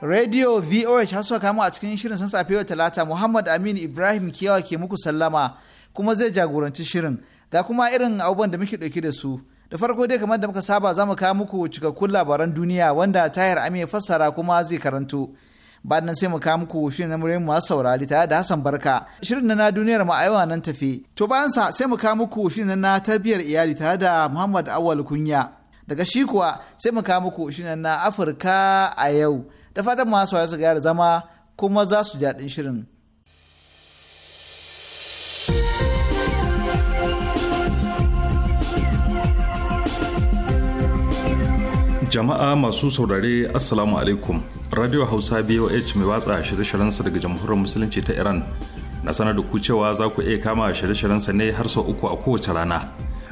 Radio VOH har suka kamo a cikin shirin sun safe talata Muhammad Aminu Ibrahim Kiyawa ke muku sallama kuma zai jagoranci shirin ga kuma irin abubuwan da muke ɗauki da su. Da farko dai kamar da muka saba za mu kawo muku cikakkun labaran duniya wanda Tahir Ami fassara kuma zai karanto. Bayan sai mu kawo muku shirin na muryar masu saurari tare da Hassan Barka. Shirin na duniyar mu a nan tafi. To bayan sa sai mu kawo muku shirin na tarbiyyar iyali tare da Muhammad Awal Kunya. Daga shi kuwa sai mu kawo muku shirin na Afirka a yau. da fatan masu su gyara zama kuma za su jaɗin shirin. jama'a masu saurare assalamu alaikum radio hausa boh mai watsa shirye sa daga jamhuriyar musulunci ta iran na sanar da ku cewa za ku iya kama shirye sa ne har sau uku a kowace rana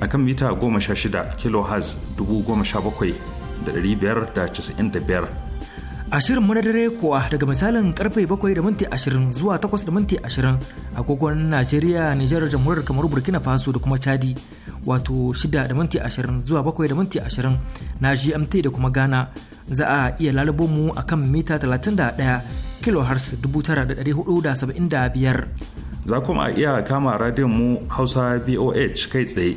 a kan mita 16 kHz 17,595. Ashirin madadare kuwa daga misalin karfe 7 da minti 20 zuwa 8 da minti 20 agogon Najeriya, Nijar, Jamhuriyar Kamaru, Burkina Faso da kuma Chadi wato 6 da minti 20 zuwa 7 da minti 20 na GMT da kuma Ghana za a iya lalubo mu a kan mita 31 kHz 9,475. Za kuma a iya kama radiyon mu Hausa VOH kai tsaye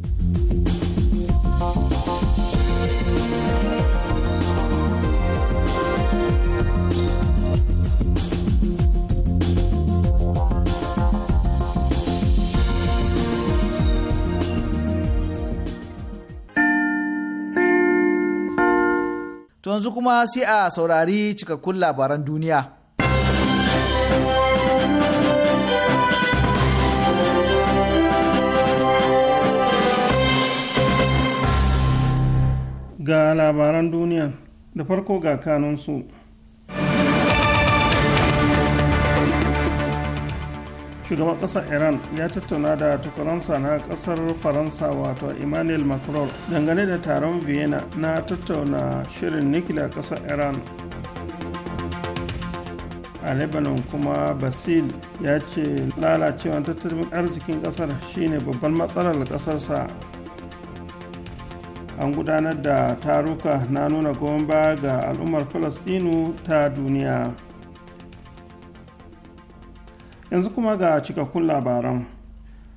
To yanzu kuma sai a saurari cikakkun labaran duniya. Ga labaran duniya da farko ga kanunsu. shugaban ƙasar iran ya tattauna da tukuransa na ƙasar faransa wato emmanuel macron dangane da taron vienna na tattauna shirin nikila ƙasar iran a lebanon kuma basil ya ce lalacewar tattalin arzikin kasar shine babban matsalar kasarsa an gudanar da taruka na nuna goma ga al'ummar falastinu ta duniya yanzu kuma ga cikakkun labaran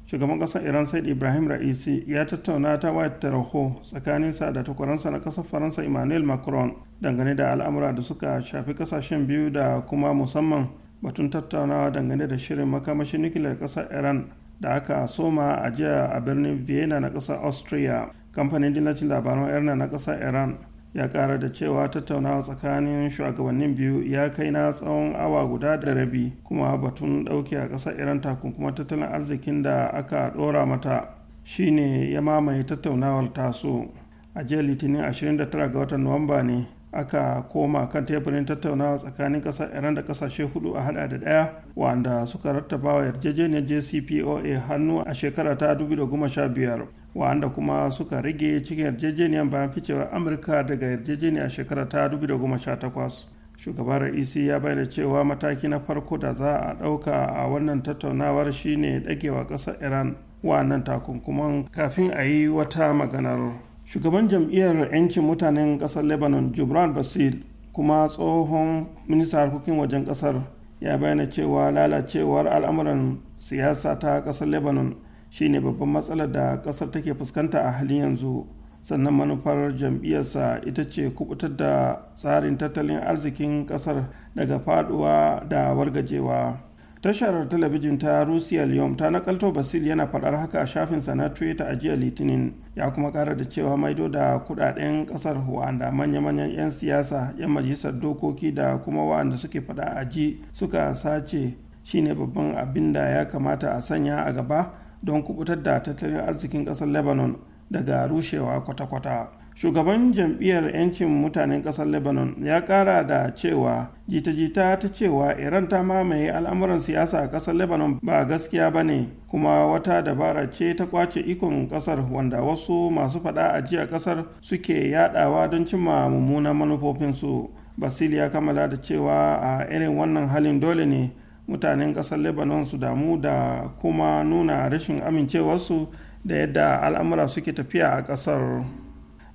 shugaban ƙasar iran said ibrahim ra'isi ya tattauna ta wayar tsakanin sa da takwaransa na ƙasar faransa emmanuel macron dangane da al'amura da suka shafi ƙasashen biyu da kuma musamman batun tattaunawa dangane da shirin makamashin nukiliyar ƙasar iran da aka soma a jiya a birnin vienna na ƙasar austria kamfanin dillacin labaran erna na ƙasar iran ya kara da cewa tattaunawa tsakanin shugabannin biyu ya kai na tsawon awa guda da rabi kuma batun ɗauke a ƙasar iran takunkuma tattalin arzikin da aka ɗora mata shine ya mamaye tattaunawar taso a jiya litinin 29 ga watan nuwamba ne aka koma kan teburin tattaunawa tsakanin ƙasa iran da ƙasashe hudu a hada da ɗaya wanda suka rattaba wa yarjejeniyar jcpoa hannu a shekara ta 2015 wanda kuma suka rage cikin yarjejeniyar bayan ficewar amurka daga yarjejeniyar shekara ta 2018 shugaban raisi e ya bayyana cewa mataki na farko da za a ɗauka a wannan tattaunawar shine ɗagewa ƙasar iran wannan takunkuman kafin a yi wata maganar shugaban jam'iyyar 'yancin mutanen ƙasar lebanon jubran basil kuma tsohon ministan harkokin wajen ƙasar ya bayyana cewa lalacewar al'amuran siyasa ta ƙasar lebanon Shi ne babban matsalar da ƙasar take fuskanta a halin yanzu sannan manufar jam'iyyarsa ita ce kubutar da tsarin tattalin arzikin ƙasar daga faduwa da wargajewa tashar talabijin ta russia liyom ta nakalto basil yana faɗar haka a shafinsa na twitter a jiya litinin ya kuma ƙara da cewa maido da kudaden ƙasar wa'anda manya-manyan 'yan siyasa 'yan majalisar dokoki da kuma wa'anda suke faɗa a ji suka sace shine babban abin da ya kamata a sanya a gaba don kubutar da tattalin arzikin ƙasar lebanon daga rushewa kwata-kwata shugaban jam'iyyar 'yancin mutanen ƙasar lebanon ya ƙara da cewa jita-jita ta cewa iran ta mamaye al'amuran siyasa a ƙasar lebanon ba gaskiya ba ne kuma wata dabara ce ta kwace ikon ƙasar wanda wasu masu faɗa a jiya ƙasar suke yadawa don cimma mummunan manufofinsu basil ya kammala da cewa a irin wannan halin dole ne mutanen ƙasar lebanon su damu da kuma nuna rashin amincewarsu da yadda al'amura suke tafiya a ƙasar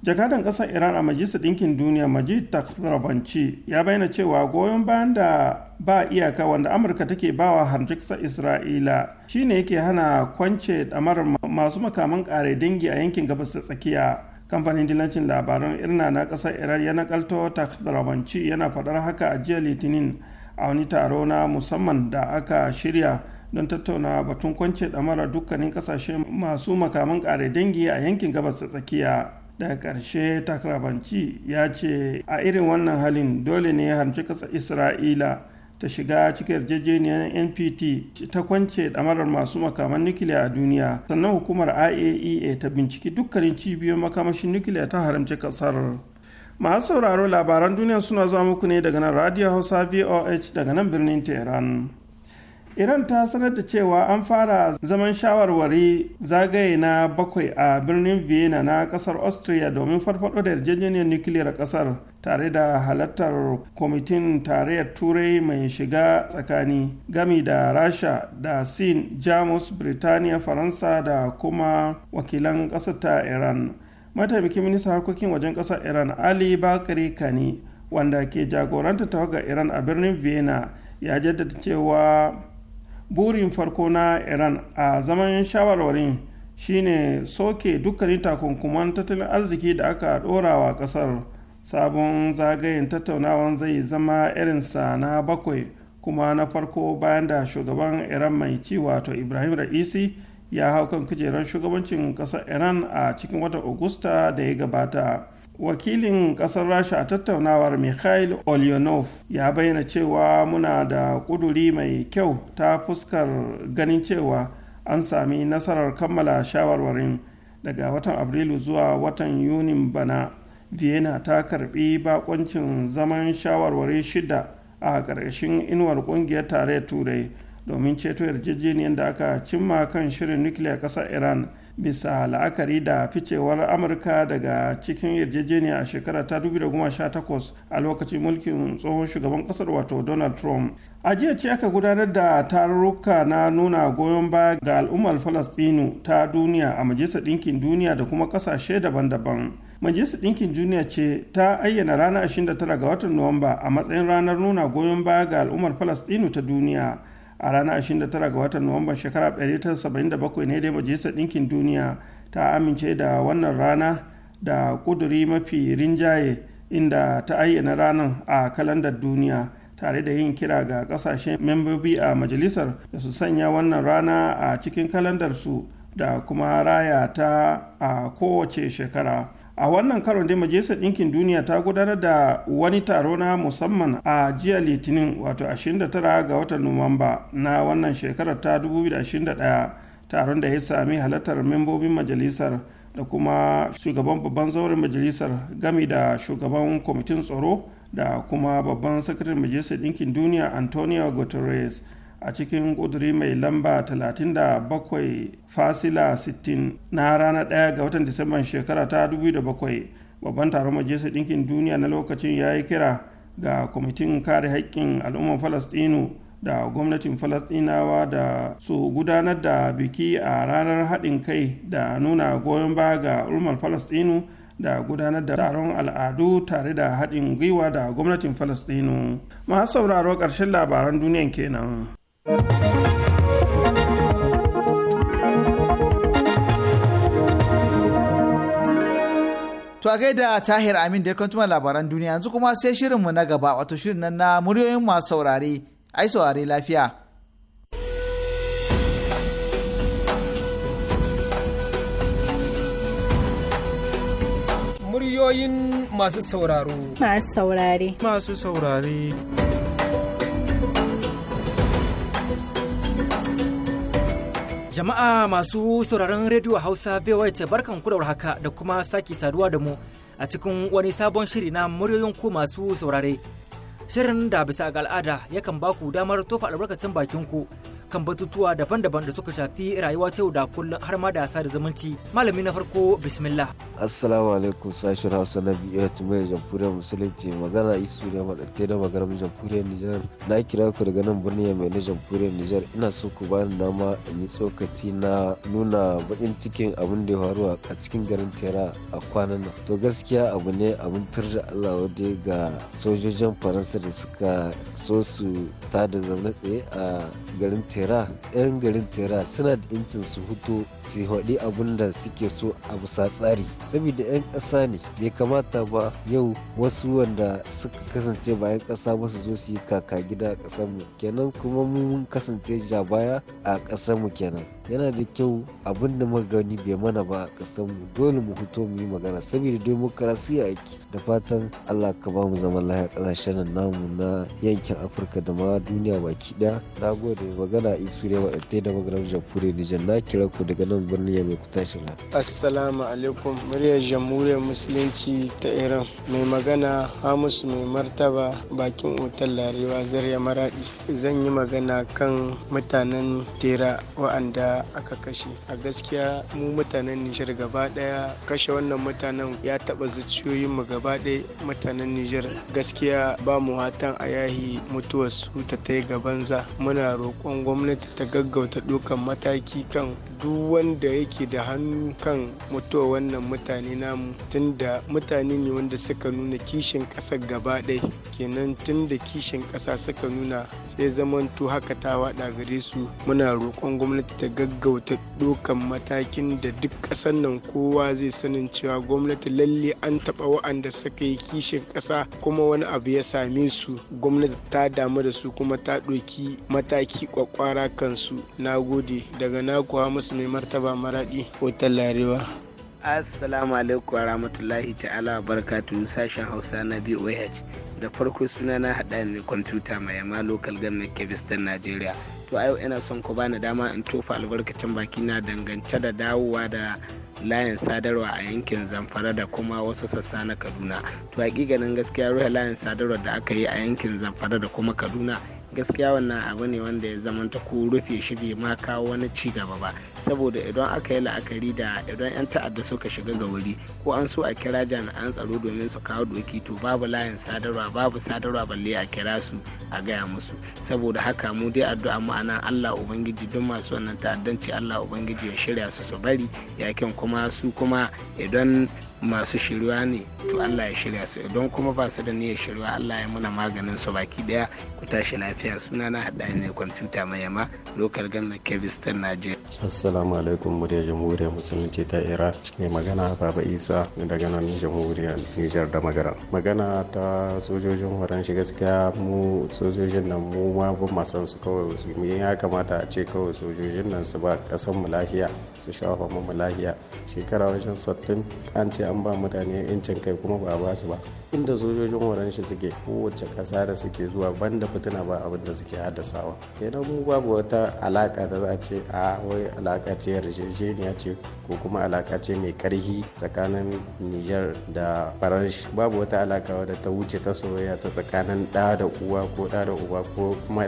jakadan ƙasar iran a majalisar ɗinkin duniya majid takrabanci ya bayyana cewa goyon bayan da ba iyaka wanda amurka take bawa harjiksa isra'ila shine yake hana kwance ɗamarar masu makaman ƙare dangi a yankin gabas ta tsakiya kamfanin dilancin labaran irna na ƙasar iran ya nakalto takrabanci yana faɗar haka a jiya litinin a wani taro na musamman da aka shirya don tattauna batun kwance mara dukkanin kasashe masu makaman kare dangi a yankin gabas ta tsakiya daga karshe takarabanci ya ce a irin wannan halin dole ne harci ƙasar isra'ila ta shiga cikin yarjejeniyar npt ta kwance damarar masu makaman nukiliya a duniya sannan hukumar iaea e ta binciki dukkanin cibiyoyin makamashin nukiliya ta haramci ƙasar masu sauraro labaran duniya suna zuwa muku ne daga nan radio hausa voh daga nan birnin tehran iran ta sanar da cewa an fara zaman shawarwari zagaye na bakwai a birnin vienna na kasar austria domin farfado da yarjejeniyar nukiliyar kasar tare da halartar kwamitin tarayyar turai mai shiga tsakani gami da rasha da sin jamus birtaniya faransa da kuma wakilan kasar ta iran mataimakin ministan harkokin wajen ƙasar iran ali bakari kani wanda ke jagoranta tawagar iran a birnin vienna ya jaddada cewa burin farko na iran a zaman shawarwarin shine soke dukkanin takunkuman tattalin arziki da aka dorawa wa ƙasar sabon zagayen tattaunawan zai zama irinsa na bakwai kuma na farko bayan da shugaban iran mai ci wato ibrahim ra'isi ya hau kan kujerar shugabancin ƙasar iran a cikin watan augusta da ya gabata wakilin ƙasar rasha a tattaunawar mikhail olyonov ya bayyana cewa muna da kuduri mai kyau ta fuskar ganin cewa an sami nasarar kammala shawarwarin daga watan afrilu zuwa watan yunin bana vienna ta karbi bakoncin zaman shawarwari shida a ƙarƙashin inuwar ƙungiyar tare turai domin ceto yarjejeniyar da aka cimma kan shirin nukiliya ƙasar iran bisa la'akari da ficewar amurka daga cikin yarjejeniya a shekara ta 2018 a lokacin mulkin tsohon shugaban kasar wato donald trump a jiya ce aka gudanar da tarurruka na nuna goyon baya ga al'ummar falastinu ta duniya a majalisar ɗinkin duniya da kuma ƙasashe daban-daban majalisar ɗinkin duniya ce ta ayyana ranar 29 ga watan nuwamba a matsayin ranar nuna goyon baya ga al'ummar falastinu ta duniya a ranar 29 ga watan nuwamban shekara 1977 ne dai majalisar ɗinkin duniya ta amince da wannan rana da ƙuduri mafi rinjaye inda ta ayyana ranar a kalandar duniya tare da yin kira ga ƙasashen membobi a majalisar da su sanya wannan rana a cikin kalandarsu da kuma raya ta a kowace shekara a wannan karon dai majalisar ɗinkin duniya ta gudanar da wani taro na musamman a jiya litinin wato 29 ga watan nuwamba na wannan shekarar ta 2021 taron da ya sami halartar membobin majalisar da kuma shugaban babban zauren majalisar gami da shugaban kwamitin tsaro da kuma babban sakataren majalisar ɗinkin duniya antonio guterres a cikin ƙuduri mai lamba 37 fasila 60 na rana ɗaya ga watan disamban shekara ta 2007 babban taron majalisar ɗinkin duniya na lokacin ya yi kira ga kwamitin kare haƙƙin al'ummar falastinu da gwamnatin falastinawa da su gudanar da biki a ranar haɗin kai da nuna goyon ba ga Ulmar Falasɗinu da gudanar da taron al'adu tare da haɗin gwiwa da gwamnatin Falasɗinu. masu sauraro ƙarshen labaran duniyan kenan To a gaida Tahir Amin da kantuma labaran duniya yanzu kuma sai shirinmu na gaba wato shirin nan na muryoyin masu saurare ai saurare lafiya. Muryoyin masu sauraro. Masu saurare. Masu saurare. Jama'a masu sauraron rediyo Hausa VOH barkan ku da haka da kuma sake saduwa da mu a cikin wani sabon shiri na muryoyin ku masu saurare. Shirin da bisa ga al'ada yakan ba ku damar tofa albarkacin bakin ku kan batutuwa daban-daban da suka shafi rayuwa ta yau da kullum har ma da sada zumunci. Malami na farko bismillah. assalamu alaikum sashen hausa na biyu ta mai jamfuriyar musulunci magana isu ne maɗaɗe da magaram jamfuriyar nijar na kira ku daga nan birnin mai na jamfuriyar nijar ina so ku ba bani dama in yi tsokaci na nuna baƙin cikin abin da ya faru a cikin garin tera a kwanan nan to gaskiya abu ne abin tur allah wadda ga sojojin faransa da suka so su ta da zaune tsaye a garin tera yan garin tera suna da incin su hutu su haɗi abin da suke so a bisa tsari saboda 'yan ƙasa ne bai kamata ba yau wasu wanda suka kasance ba 'yan ƙasa ba su zo su yi kaka gida a ƙasar mu kenan kuma mun kasance ja baya a ƙasar mu kenan yana da kyau abin da muka gani bai mana ba a ƙasar mu dole mu fito mu yi magana saboda demokarasiya aiki da fatan Allah ka ba mu zaman lafiya ƙasashen nan namu na yankin Afirka da ma duniya baki ɗaya na gode magana isu ne waɗanda da maganar jamhuriyar Nijar na kira ku daga nan birnin yamma ku tashi na. Assalamu alaikum muryar jamhuriyar musulunci ta iran mai magana hamisu mai martaba bakin otal larewa zarya maradi zan yi magana kan mutanen tera wa'anda aka kashe a gaskiya mu mutanen nijar gaba daya kashe wannan mutanen ya taba zuciyoyin mu gaba daya mutanen nijar gaskiya ba mu hatan a yahi mutuwar su ta tai gabanza muna roƙon gwamnati ta gaggauta dukan mataki kan duk wanda yake da hannu kan mutuwar wannan mutane mutane namu da mutane ne wanda suka nuna kishin ƙasar gaba ɗaya kenan da kishin ƙasa suka nuna sai zamanto haka ta waɗa gare su muna roƙon gwamnati ta gaggauta ɗokan matakin da duk ƙasar nan kowa zai sanin cewa gwamnati lalle an taɓa wa'anda suka yi kishin ƙasa kuma wani abu ya same su gwamnati ta damu da su kuma ta ɗauki mataki kwakwara kansu na gode daga na naku musu mai martaba maraɗi ko larewa. Assalamu alaikum wa rahmatullahi ta'ala wa barakatu sashen Hausa na BOH. Da farko suna na hada ne kwamfuta mai yamma local government Kebistan Najeriya. To a yau ina son ku bani dama in tofa albarkacin baki na dangance da dawowa da layin sadarwa a yankin Zamfara da kuma wasu sassa na Kaduna. To hakikanin gaskiya ruwa layin sadarwa da aka yi a yankin Zamfara da kuma Kaduna gaskiya wannan abu ne wanda ya zamanta ko rufe shi bai ma kawo wani ci gaba ba saboda idan aka yi la'akari da idan 'yan ta'adda suka shiga ga wuri ko an so a kira jami'an tsaro domin su kawo doki to babu layin sadarwa babu sadarwa balle a kira su a gaya musu saboda haka mu dai addu'a mu anan Allah ubangiji duk masu wannan ta'addanci Allah ubangiji ya shirya su su bari yakin kuma su kuma idan masu shirya ne to Allah ya shirya su don kuma ba su da niyyar shirya Allah ya muna maganin su baki daya ku tashi lafiya suna na hada ne kwamfuta mai yama lokal gannan kebistan Najeriya. Assalamu alaikum muryar jamhuriyar musulunci ta Iraq mai magana Baba Isa daga nan jamhuriyar Nijar da Magara. Magana ta sojojin horon shi gaskiya mu sojojin nan mu ma ba masu su kawai su ya kamata a ce kawai sojojin nan su ba kasan mu lafiya su shafa mu lafiya shekara wajen sattin an ce an ba mutane 'yancin kai kuma ba a ba su ba inda sojojin waran shi suke kowace ƙasa da suke zuwa banda fitina ba abin da suke haddasawa kenan mu babu wata alaƙa da za a ce a wai alaƙa ce yarjejeniya ce ko kuma alaƙa ce mai karhi tsakanin niger da faransh babu wata alaƙa wadda ta wuce ta soyayya ta tsakanin ɗa da uwa ko ɗa da uba ko kuma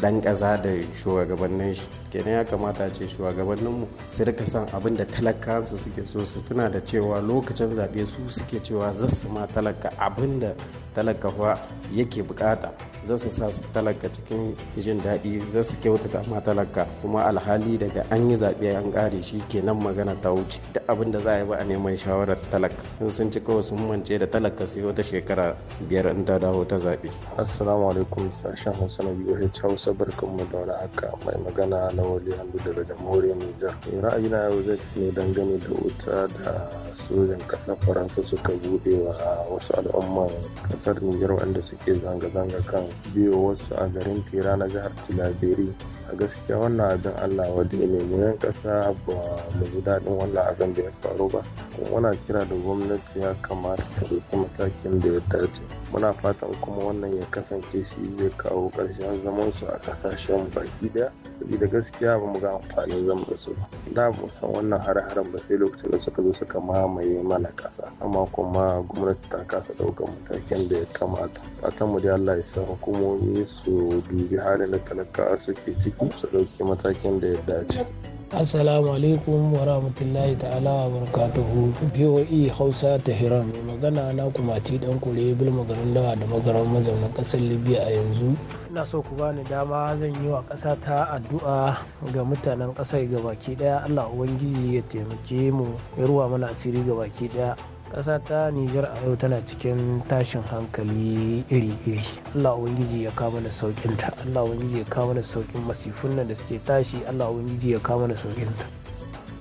ɗan ƙasa da shugabannin shi kenan ya kamata ce shugabanninmu su rika san abin da talakansu suke so su tuna da cewa lokacin zaɓe su suke cewa zasu ma talaka abin da talakawa yake bukata za su sa talaka cikin jin daɗi za su kyautata ma talaka kuma alhali daga an yi zaɓe an ƙare shi ke nan magana ta wuce da abin da za a yi ba a neman shawarar talaka in sun ci kawai sun mance da talaka sai wata shekara biyar in ta dawo ta zaɓe. assalamu alaikum sashen hausa na biyu hausa barkan mu da wani haka mai magana na wali handu daga jamhuriyar nijar eh, ra'ayina yau zai tafi ne dangane da wuta da sojan ƙasar faransa suka buɗe wa wasu al'umman ƙasar nijar wanda suke zanga-zanga kan biyo wasu a garin tera na jihar tilaberi a gaskiya wannan abin allah wadda ne mu yan kasa ba mu ji daɗin wannan abin da ya faru ba kuma muna kira da gwamnati ya kamata ta ɗauki matakin da ya dace muna fatan kuma wannan ya kasance shi zai kawo ƙarshen zaman su a ƙasashen baki ɗaya saboda gaskiya ba mu ga amfanin zaman su da ba san wannan har-haren ba sai lokacin da suka zo suka mamaye mana ƙasa amma kuma gwamnati ta kasa ɗaukar matakin da ya kamata fatan mu dai allah ya sa hukumomi su dubi halin da talakawa suke ciki su dauke matakin da ya dace. Assalamu alaikum wa rahmatullahi ta'ala wa barakatuhu. BOE Hausa Tehran mai magana na kumaci dan kore bil magarin dawa da magaran mazaunin kasar Libya a yanzu. Ina so ku bani dama zan yi wa ƙasa ta addu'a ga mutanen ƙasar gabaki daya. Allah ubangiji ya taimake mu ya ruwa mana asiri gabaki daya. ƙasa ta Nijar a yau tana cikin tashin hankali iri-iri. Allah Ubangiji ya kawo mana saukin ta. Allah Ubangiji ya kawo mana saukin masifun nan da suke tashi. Allah Ubangiji ya kawo mana saukin ta.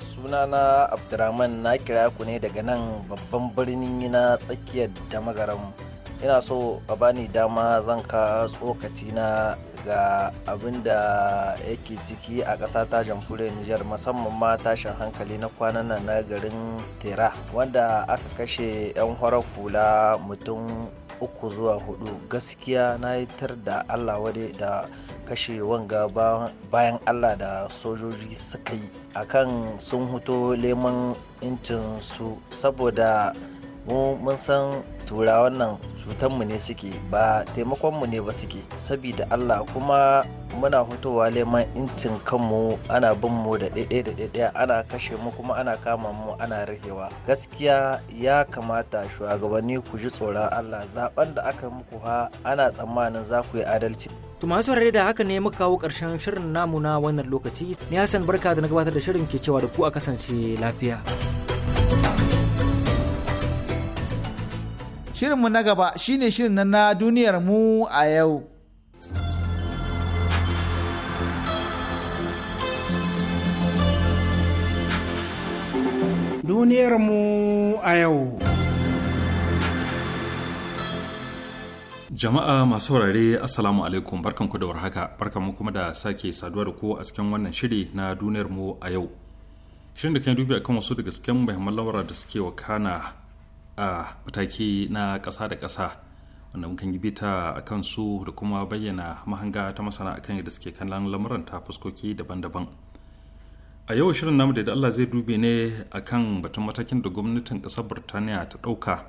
Sunana Abdurrahman na kira ku ne daga nan babban birnin yana tsakiyar da magaran. Ina so a bani dama zan ka tsokaci na ga abin da yake ciki a ƙasa ta jamhuriyar Nijar musamman ma tashin hankali na kwanan nan na garin Tera wanda aka kashe 'yan horar hula mutum uku zuwa hudu gaskiya na tar da Allah wadai da kashe wanga bayan Allah da sojoji suka yi akan sun huto leman su saboda mu mun san turawan nan cutanmu ne suke ba taimakonmu ne ba suke sabida allah kuma muna fitowa neman incin kanmu ana bin mu da ɗaiɗai da ɗaiɗai ana kashe mu kuma ana kama mu ana rahewa gaskiya ya kamata shugabanni ku ji tsoron allah zaben da aka muku ha ana tsammanin za ku yi adalci to masu da haka ne muka kawo ƙarshen shirin namu na wannan lokaci ni hassan barka da na gabatar da shirin ke cewa da ku a kasance lafiya Shirinmu na gaba shine shirin na duniyar mu a yau. Duniyar mu a yau. Jama'a masu saurare Assalamu alaikum barkanku da warhaka barkanku kuma da sake saduwa da ku a cikin wannan shiri na duniyar mu a yau. Shirin da kan dubi akan wasu daga cikin muhimman lamura da suke wakana a mataki na ƙasa da ƙasa wanda mukan yi bita a kansu da kuma bayyana mahanga ta masana akan yadda suke kallon lamuran ta fuskoki daban-daban a yau shirin namu da Allah zai dube ne akan batun matakin da gwamnatin ƙasar burtaniya ta ɗauka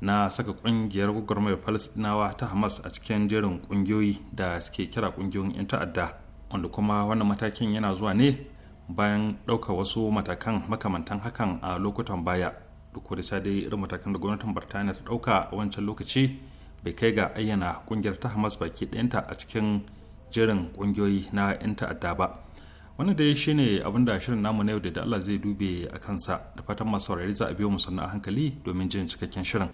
na saka ƙungiyar gwagwarmayar Falastinawa ta hamas a cikin jerin ƙungiyoyi da suke kira ƙungiyoyin 'yan ta'adda wanda kuma wannan matakin yana zuwa ne bayan ɗaukar wasu matakan makamantan hakan a lokutan baya duk da dai irin matakan da gwamnatin birtaniya ta dauka a wancan lokaci bai kai ga ayyana kungiyar ta hamas baki ɗayanta a cikin jirin kungiyoyi na 'yan ta'adda ba wani dai shine abin da shirin namu na yau da Allah zai dube a kansa da fatan masu saurari za a biyo mu sannu a hankali domin jin cikakken shirin.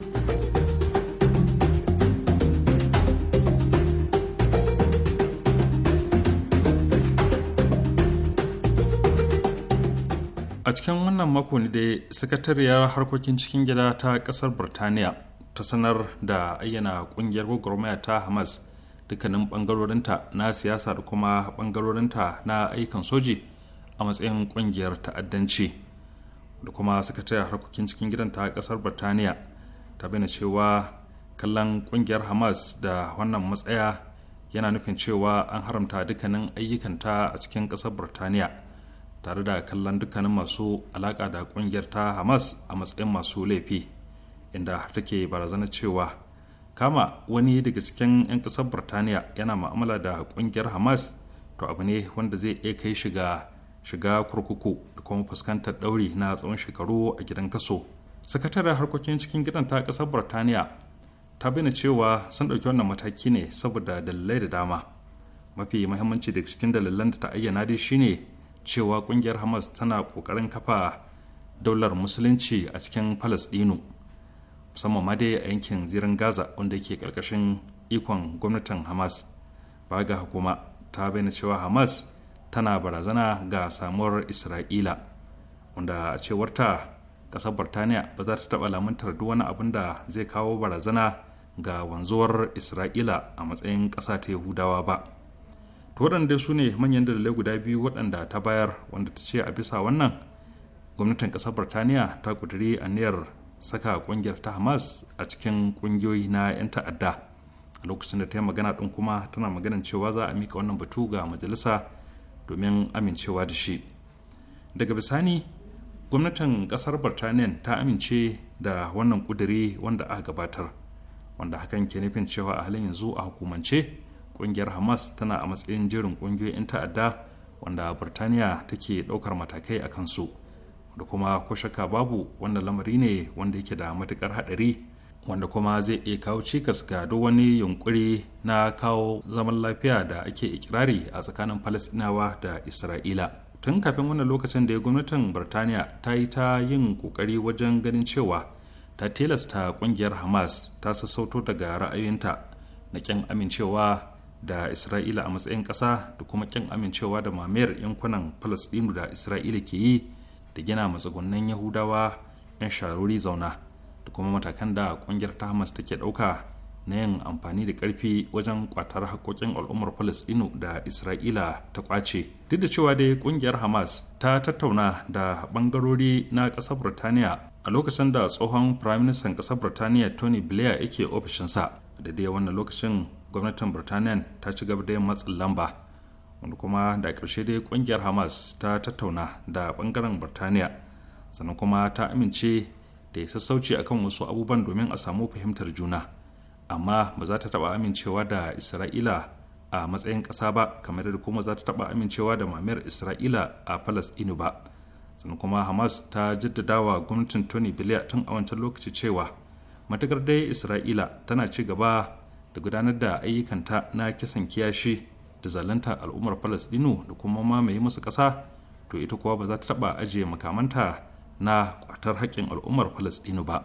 mako ne dai sakatariyar harkokin cikin gida ta kasar burtaniya ta sanar da ayyana kungiyar gwagwarmaya ta hamas dukkanin bangarorinta na siyasa da kuma bangarorinta na ayyukan soji a matsayin kungiyar ta'addanci da kuma sakatariyar harkokin cikin gidan ta kasar burtaniya ta bayyana cewa kallon kungiyar hamas da wannan matsaya yana nufin cewa an haramta dukkanin ayyukanta a cikin kasar burtaniya. tare da kallon dukkanin masu alaka da ƙungiyar ta hamas a matsayin masu laifi inda har take barazana cewa kama wani daga cikin 'yan ƙasar birtaniya yana ma'amala da ƙungiyar hamas to abu ne wanda zai iya kai shiga shiga kurkuku da kuma fuskantar ɗauri na tsawon shekaru a gidan kaso sakataren harkokin cikin gidan ta ƙasar birtaniya ta bayyana cewa sun ɗauki wannan mataki ne saboda dalilai da dama mafi mahimmanci daga cikin dalilan da ta ayyana dai shine cewa kungiyar hamas tana kokarin kafa daular musulunci a cikin palestino musamman ma dai a yankin zirin gaza wanda ke karkashin ikon gwamnatin hamas ba ga hukuma ta bayyana cewa hamas tana barazana ga samuwar isra'ila wanda a cewarta kasar birtaniya ba za ta taba lamuntar duk wani abin da zai kawo barazana ga wanzuwar isra'ila a matsayin ƙasa ta yahudawa ba to waɗanda su ne manyan dalilai guda biyu waɗanda ta bayar wanda ta ce a bisa wannan gwamnatin ƙasar birtaniya ta ƙudiri aniyar saka ƙungiyar ta hamas a cikin ƙungiyoyi na 'yan ta'adda a lokacin da ta yi magana ɗin kuma tana maganin cewa za a mika wannan batu ga majalisa domin amincewa da shi daga bisani gwamnatin ƙasar birtaniya ta amince da wannan ƙudiri wanda aka gabatar wanda hakan ke nufin cewa a halin yanzu a hukumance kungiyar hamas tana a matsayin jerin kungiyoyin ta'adda wanda burtaniya take daukar matakai a kansu da kuma ko shakka babu wannan lamari ne wanda yake da matukar hadari wanda kuma zai iya kawo cikas ga duk wani yunkuri na kawo zaman lafiya da ake ikirari a tsakanin falasinawa da isra'ila tun kafin wannan lokacin da ya gwamnatin birtaniya ta yi ta yin kokari wajen ganin cewa ta tilasta kungiyar hamas ta sassauto daga ra'ayinta na kyan amincewa da isra'ila a matsayin ƙasa da kuma ƙin amincewa da mamayar yankunan falasɗinu da isra'ila ke yi da gina matsugunan yahudawa 'yan sharori zauna da kuma matakan da ƙungiyar ta hamas take ɗauka na yin amfani da ƙarfi wajen ƙwatar haƙoƙin al'ummar falasɗinu da isra'ila ta ƙwace duk da cewa dai ƙungiyar hamas ta tattauna da ɓangarori na ƙasar burtaniya a lokacin da tsohon firaministan ƙasar burtaniya tony blair yake ofishinsa da dai wannan lokacin gwamnatin birtaniya ta ci gaba da yin matsin lamba wanda kuma da ƙarshe dai ƙungiyar hamas ta tattauna da ɓangaren birtaniya sannan kuma ta amince da ya sassauci kan wasu abubuwan domin a samu fahimtar juna amma ba za ta taɓa amincewa da isra'ila a matsayin ƙasa ba kamar da kuma za ta taɓa amincewa da mamayar isra'ila a falasɗinu ba sannan kuma hamas ta jaddada wa gwamnatin tony blair tun a wancan lokaci cewa matakar dai isra'ila tana ci gaba da gudanar da ayyukanta na kisan kiyashi da zalunta al'ummar falastinu da kuma mamaye musu ƙasa to ita kuwa ba za ta taɓa ajiye makamanta na kwatar haƙƙin al'ummar falastinu ba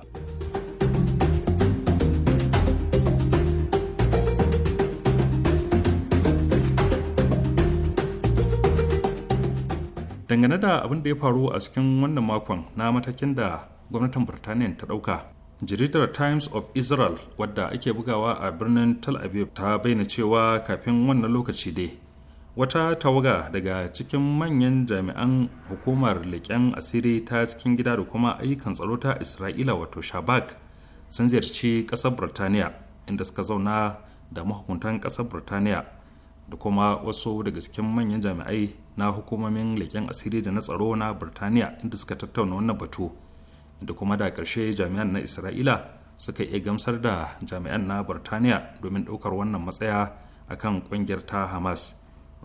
dangane da abin da ya faru a cikin wannan makon na matakin da gwamnatin birtaniya ta ɗauka jaridar times of israel wadda ake bugawa a birnin tel aviv ta bayyana cewa kafin wannan lokaci dai wata tawaga daga cikin manyan jami'an hukumar leƙen asiri ta cikin gida da kuma ayyukan tsaro ta isra'ila wato shabak sun ziyarci ƙasar burtaniya inda suka zauna da mahukuntan ƙasar burtaniya da kuma wasu daga cikin manyan jami'ai na hukumomin leƙen asiri da na tsaro na burtaniya inda suka tattauna wannan batu da kuma da karshe jami'an na isra'ila suka iya gamsar da jami'an na burtaniya domin ɗaukar wannan matsaya a kan ƙungiyar ta hamas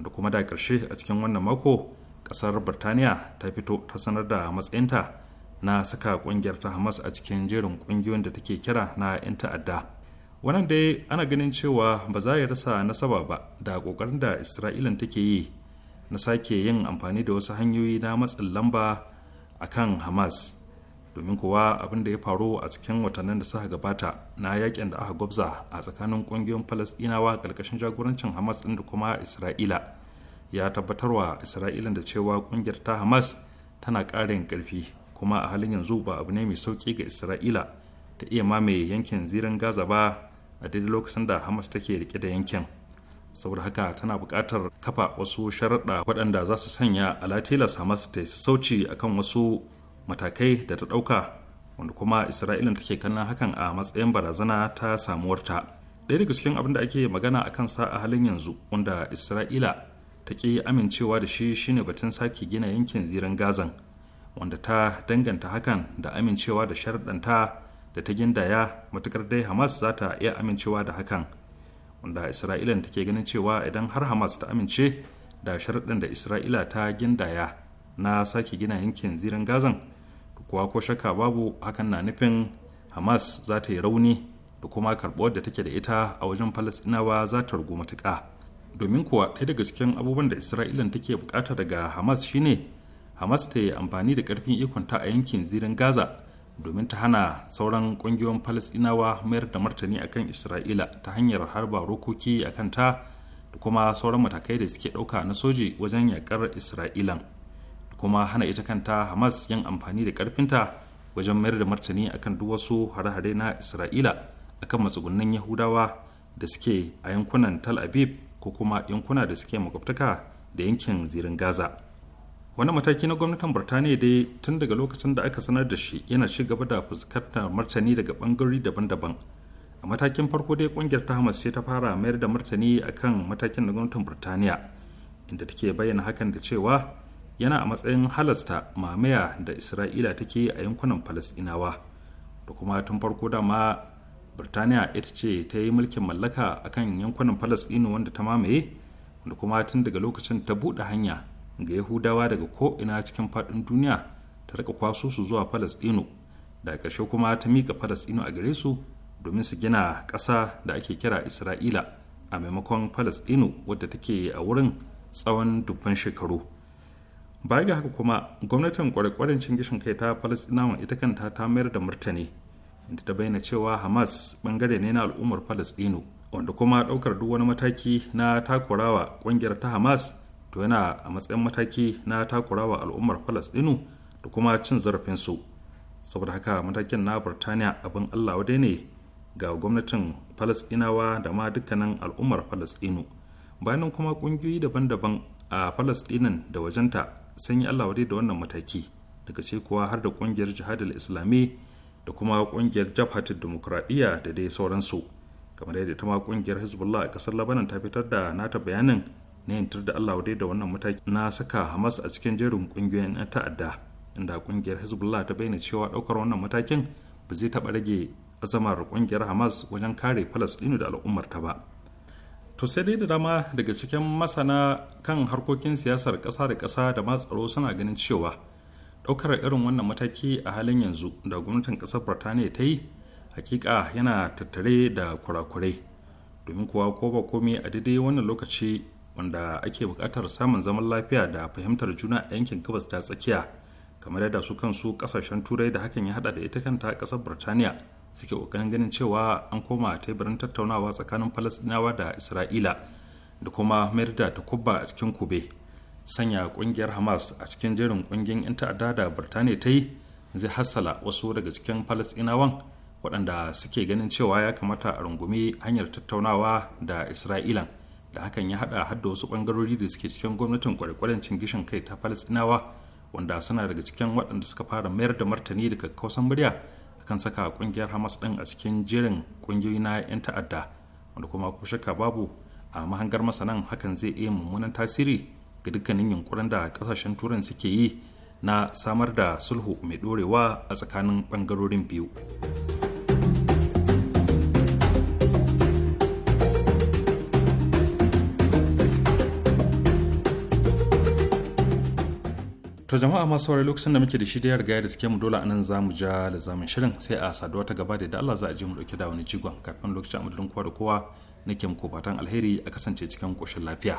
da kuma da karshe a cikin wannan mako ƙasar burtaniya ta fito ta sanar da matsayinta na saka ƙungiyar ta hamas a cikin jerin ƙungiyoyin da take kira na 'yan ta'adda wannan dai ana ganin cewa ba za ya rasa nasaba ba da ƙoƙarin da isra'ilan take yi na sake yin amfani da wasu hanyoyi na matsin lamba a kan hamas domin kuwa abin da ya faru a cikin watannin da suka gabata na yakin da aka gwabza a tsakanin kungiyoyin falasdinawa karkashin jagorancin hamas ɗin da kuma isra'ila ya tabbatarwa isra'ilan da cewa kungiyar ta hamas tana ƙarin ƙarfi kuma a halin yanzu ba abu ne mai sauki ga isra'ila ta iya mamaye yankin zirin gaza ba a daidai lokacin da hamas take rike da yankin saboda haka tana buƙatar kafa wasu sharaɗa waɗanda za su sanya alatilas hamas ta yi sauci akan wasu matakai da ta ɗauka wanda kuma isra'ilin take kallon hakan a matsayin barazana ta samuwarta ɗaya daga cikin abin da ake magana a kansa a halin yanzu wanda isra'ila ta ƙi amincewa da shi shine batun sake gina yankin ziran gazan wanda ta danganta hakan da amincewa da sharɗanta da ta gindaya matukar dai hamas za ta iya amincewa da hakan wanda isra'ila take ganin cewa idan har hamas ta amince da sharaɗan da isra'ila ta gindaya na sake gina yankin ziran gazan kuwa ko shakka babu hakan na nufin hamas za ta yi rauni da kuma karbuwar da take da ita a wajen falasɗinawa za ta rugu matuka, domin kuwa ɗaya daga cikin abubuwan da isra'ila take bukata daga hamas shine hamas ta yi amfani da ƙarfin ikonta a yankin zirin gaza domin ta hana sauran ƙungiyoyin falasɗinawa mayar da martani akan isra'ila ta hanyar harba rokoki akan ta da kuma sauran matakai da suke ɗauka na soji wajen yakar isra'ilan kuma hana ita kanta hamas yin amfani da karfinta wajen mayar da martani akan duk wasu hare-hare na isra'ila akan matsugunan yahudawa da suke a yankunan tal aviv ko kuma yankuna da suke makwabtaka da yankin zirin gaza wani mataki na gwamnatin burtaniya dai tun daga lokacin da aka sanar da shi yana ci gaba da fuskantar martani daga bangarori daban-daban a matakin farko dai kungiyar ta hamas sai ta fara mayar da martani akan matakin na gwamnatin burtaniya inda take bayyana hakan da cewa yana a matsayin halasta mamaya da isra'ila take a yankunan falasdinawa da kuma tun farko dama birtaniya ita ce ta yi mulkin mallaka a kan yankunan falasɗinu wanda ta mamaye da kuma tun daga lokacin ta buɗe hanya ga yahudawa daga ko'ina cikin faɗin duniya ta rika kwaso su zuwa falasɗinu da ƙarshe kuma ta miƙa falasɗinu a gare su domin su gina ƙasa da ake kira isra'ila a maimakon falasɗinu wadda take a wurin tsawon dubban shekaru baya ga haka kuma gwamnatin kwarekwaren cin gishin kai ta palestinawa ita kanta ta mayar da martani inda ta bayyana cewa hamas bangare ne na al'ummar palestino wanda kuma daukar duk wani mataki na takurawa kungiyar ta hamas to yana a matsayin mataki na takurawa al'ummar palestino da kuma cin zarafinsu saboda haka matakin na burtaniya abin allah wadai ne ga gwamnatin palestinawa da ma dukkanin al'ummar palestino bayanan kuma kungiyoyi daban-daban a palestinan da wajenta sun yi allah da wannan mataki daga ce kuwa har da kungiyar jihadar islami da kuma kungiyar jabhatul demokradiyya da dai sauransu kamar yadda ta ma kungiyar hezbollah a kasar labanan ta fitar da nata bayanin na yantar da allah da wannan mataki na saka hamas a cikin jerin kungiyoyin yan ta'adda inda kungiyar hezbollah ta bayyana cewa daukar wannan matakin ba zai taɓa rage azamar kungiyar hamas wajen kare falasɗinu da ta ba to sai dai da dama daga cikin masana kan harkokin siyasar ƙasa da ƙasa da ma tsaro suna ganin cewa ɗaukar irin wannan mataki a halin yanzu da gwamnatin ƙasar birtaniya ta yi hakika yana tattare da kurakurai domin kuwa ko ba komai a daidai wannan lokaci wanda ake buƙatar samun zaman lafiya da fahimtar juna a yankin gabas ta tsakiya kamar yadda su kansu ƙasashen turai da hakan ya haɗa da ita kanta ƙasar birtaniya suke ganin ganin cewa an koma teburin tattaunawa tsakanin falasɗinawa da isra'ila da kuma mayar da takubba a cikin kube sanya ƙungiyar hamas a cikin jerin kungiyar 'yan ta'adda da birtaniya ta yi zai hassala wasu daga cikin falasɗinawan waɗanda suke ganin cewa ya kamata a rungumi hanyar tattaunawa da isra'ilan da hakan ya haɗa hadda wasu bangarori da suke cikin gwamnatin kwarekwarancin gishin kai ta falasɗinawa wanda suna daga cikin waɗanda suka fara mayar da martani daga kausan murya akan saka kungiyar hamas din a cikin jerin kungiyoyi na 'yan ta'adda wanda kuma ko shakka babu a mahangar masanan hakan zai iya mummunan tasiri ga dukkanin yunkurin da kasashen turan suke yi na samar da sulhu mai dorewa a tsakanin bangarorin biyu. to jama'a masu saurari lokacin da muke da shi da yar gaya da suke mu dole anan za mu ja da zamin shirin sai a saduwa ta gaba da da Allah za a je mu dauke da wani jigon kafin lokacin amadadin kowa da kowa nake muku fatan alheri a kasance cikin koshin lafiya.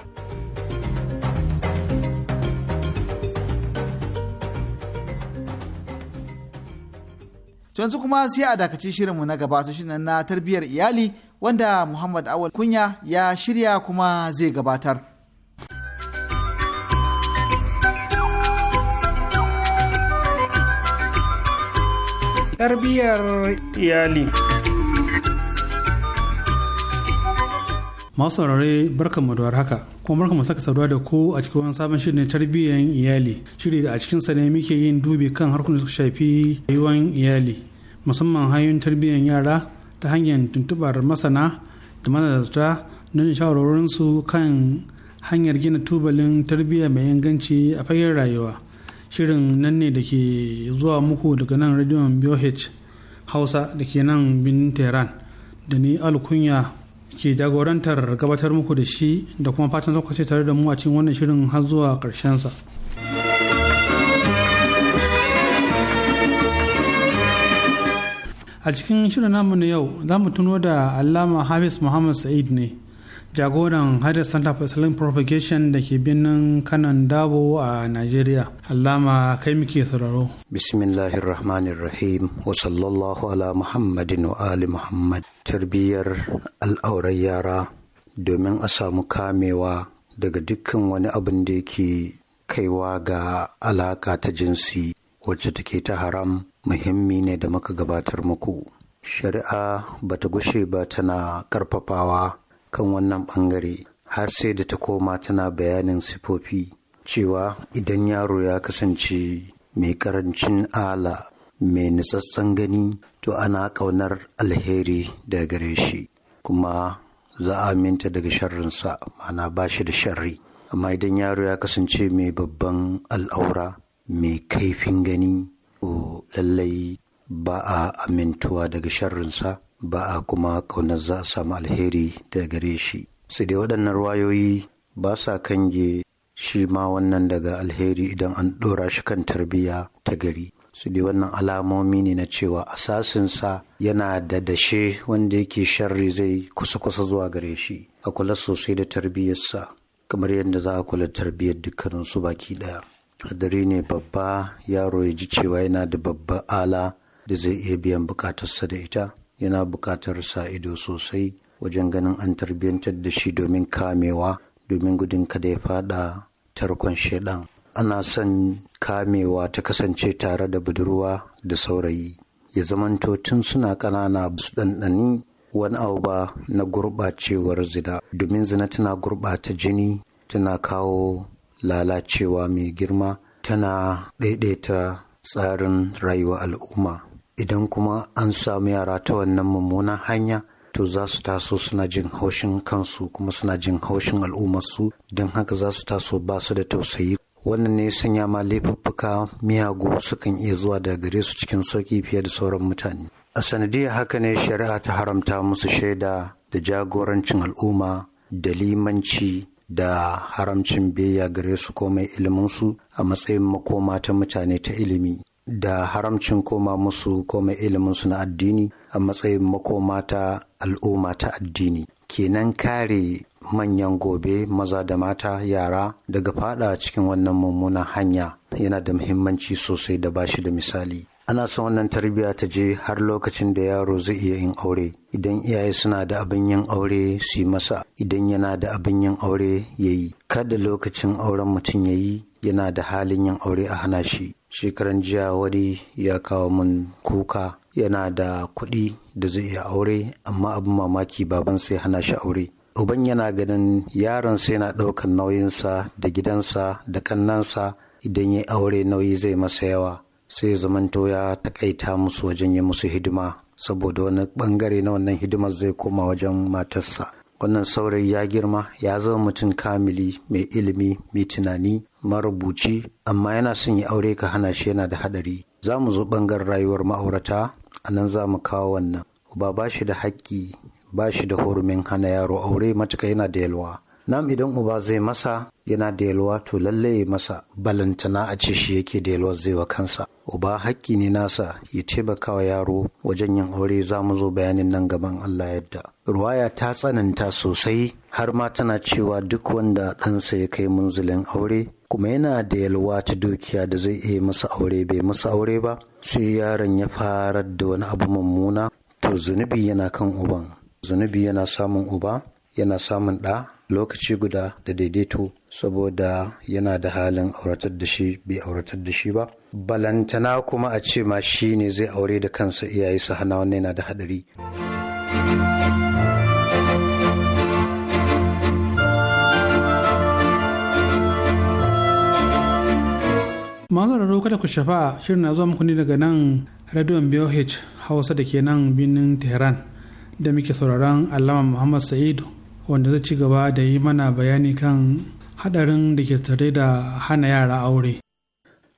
yanzu kuma sai a shirin shirinmu na gabata shi na tarbiyar iyali wanda Muhammad Awal Kunya ya shirya kuma zai gabatar. tarbiyyar iyali masu saurare barkan mu da haka kuma barkan mu saka saduwa da ku a cikin wani sabon shirin tarbiyyar iyali shiri da a cikin sa ne muke yin dubi kan harkokin da suka shafi rayuwar iyali musamman hanyoyin tarbiyyar yara ta hanyar tuntubar masana da manazarta don shawarwarinsu kan hanyar gina tubalin tarbiyya mai inganci a fagen rayuwa shirin nan ne da ke zuwa muku daga nan radiyon BOH Hausa da ke nan bin Tehran da ni alkunya ke jagorantar gabatar muku da shi da kuma fatan lokaci tare da mu a cikin wannan shirin har zuwa sa. a cikin shirin namu na yau za mu tuno da allama hafiz muhammad sa'id ne jagoran hadar center for islamic propagation da ke birnin kanan dabo a nigeria allama kai muke sauraro bismillahirrahmanirrahim wa sallallahu ala muhammadin wa ali muhammad tarbiyyar al'auran yara domin a samu kamewa daga dukkan wani abin da yake kaiwa ga alaka ta jinsi wacce take ta haram muhimmi ne da muka gabatar muku shari'a bata gushe ba tana karfafawa kan wannan bangare har sai da ta koma tana bayanin sifofi cewa idan yaro ya kasance mai karancin ala mai nutsatsen gani to ana ƙaunar alheri da gare shi kuma za a aminta daga sharrinsa mana ba shi da sharri amma idan yaro ya kasance mai babban al'aura mai kaifin gani to lallai ba a amintuwa daga sharrinsa ba a kuma ƙaunar za a samu alheri daga gare shi sai dai waɗannan ruwayoyi ba sa kange shi ma wannan daga alheri idan an ɗora shi kan tarbiyya ta gari su dai wannan alamomi ne na cewa asasinsa yana da dashe wanda yake sharri zai kusa-kusa zuwa gare shi a kula sosai da tarbiyyarsa kamar yadda za a kula tarbiyyar dukkanin su baki daya hadari ne babba yaro ya ji cewa yana da babba ala da zai iya biyan bukatarsa da ita yana buƙatar sa ido sosai wajen ganin an tarbiyyantar da shi domin kamewa domin gudun kada ya fada tarkon shaidan ana son kamewa ta kasance tare da budurwa da saurayi ya zamanto tun suna ƙanana su ɗanɗani wani abu ba na gurɓacewar zina domin zina tana gurɓata jini tana kawo lalacewa mai girma tana ɗaiɗaita tsarin rayuwa al'umma idan kuma an samu yara ta wannan mummunan hanya to za su taso suna jin haushin kansu kuma suna jin haushin al'ummarsu don haka za su taso ba su da tausayi wannan ne sanya ma laifuffuka miyagu sukan iya zuwa da gare su cikin sauki fiye da sauran mutane a sanadiyar haka ne shari'a ta haramta musu shaida da jagorancin al'umma da limanci da haramcin biyayya gare su komai iliminsu a matsayin makoma ta mutane ta ilimi da haramcin koma musu koma iliminsu na addini a matsayin makoma ta al'umma ta addini kenan kare manyan gobe maza da mata yara daga fada cikin wannan mummunan hanya yana da muhimmanci sosai da bashi da misali ana son wannan tarbiyya ta je har lokacin da yaro zai iya yin aure idan iyaye suna da abin yin aure su yi masa idan yana da abin yin aure ya yi kada lokacin auren mutum ya yi yana da halin yin aure a hana shi shekaran jiya wani ya kawo mun kuka yana da kuɗi da zai iya aure amma abin mamaki baban sai hana shi aure uban yana ganin yaron sai na ɗaukan nauyinsa da gidansa da kannansa idan ya aure nauyi zai masa yawa sai zamanto ya takaita musu wajen yi musu hidima saboda wani bangare na wannan hidimar zai koma wajen matarsa wannan saurayi ya girma ya zama mutum kamili mai ilimi mai tunani marubuci amma yana son ya aure ka hana shi yana da hadari za mu zo bangar rayuwar ma'aurata a nan za mu kawo wannan ba ba shi da haƙƙi ba shi da hurumin hana yaro aure matuka yana da yalwa nam idan uba zai masa yana da yalwa to lalle ya masa balantana a ce shi yake da yalwa zai wa kansa uba haƙƙi ne nasa ya taimaka wa yaro wajen yin aure za mu zo bayanin nan gaban Allah yadda ruwaya ta tsananta sosai har ma tana cewa duk wanda ɗansa ya kai munzulin aure kuma yana da yalwa ta dukiya da zai iya masa aure bai masa aure ba sai yaron ya fara da wani abu mummuna to zunubi yana kan uban zunubi yana samun uba yana samun ɗa lokaci guda da daidaito saboda yana da halin auratar da shi bai auratar da shi ba balantana kuma a ce ma shi ne zai aure da kansa iyaye su hana wannan yana da haɗari. masu raro kada ku shafa shirin na zuwa muku ne daga nan radiyon BOH Hausa da ke nan birnin Tehran da muke sauraron alama Muhammad Sa'idu wanda zai ci gaba da yi mana bayani kan hadarin da ke tare da hana yara aure.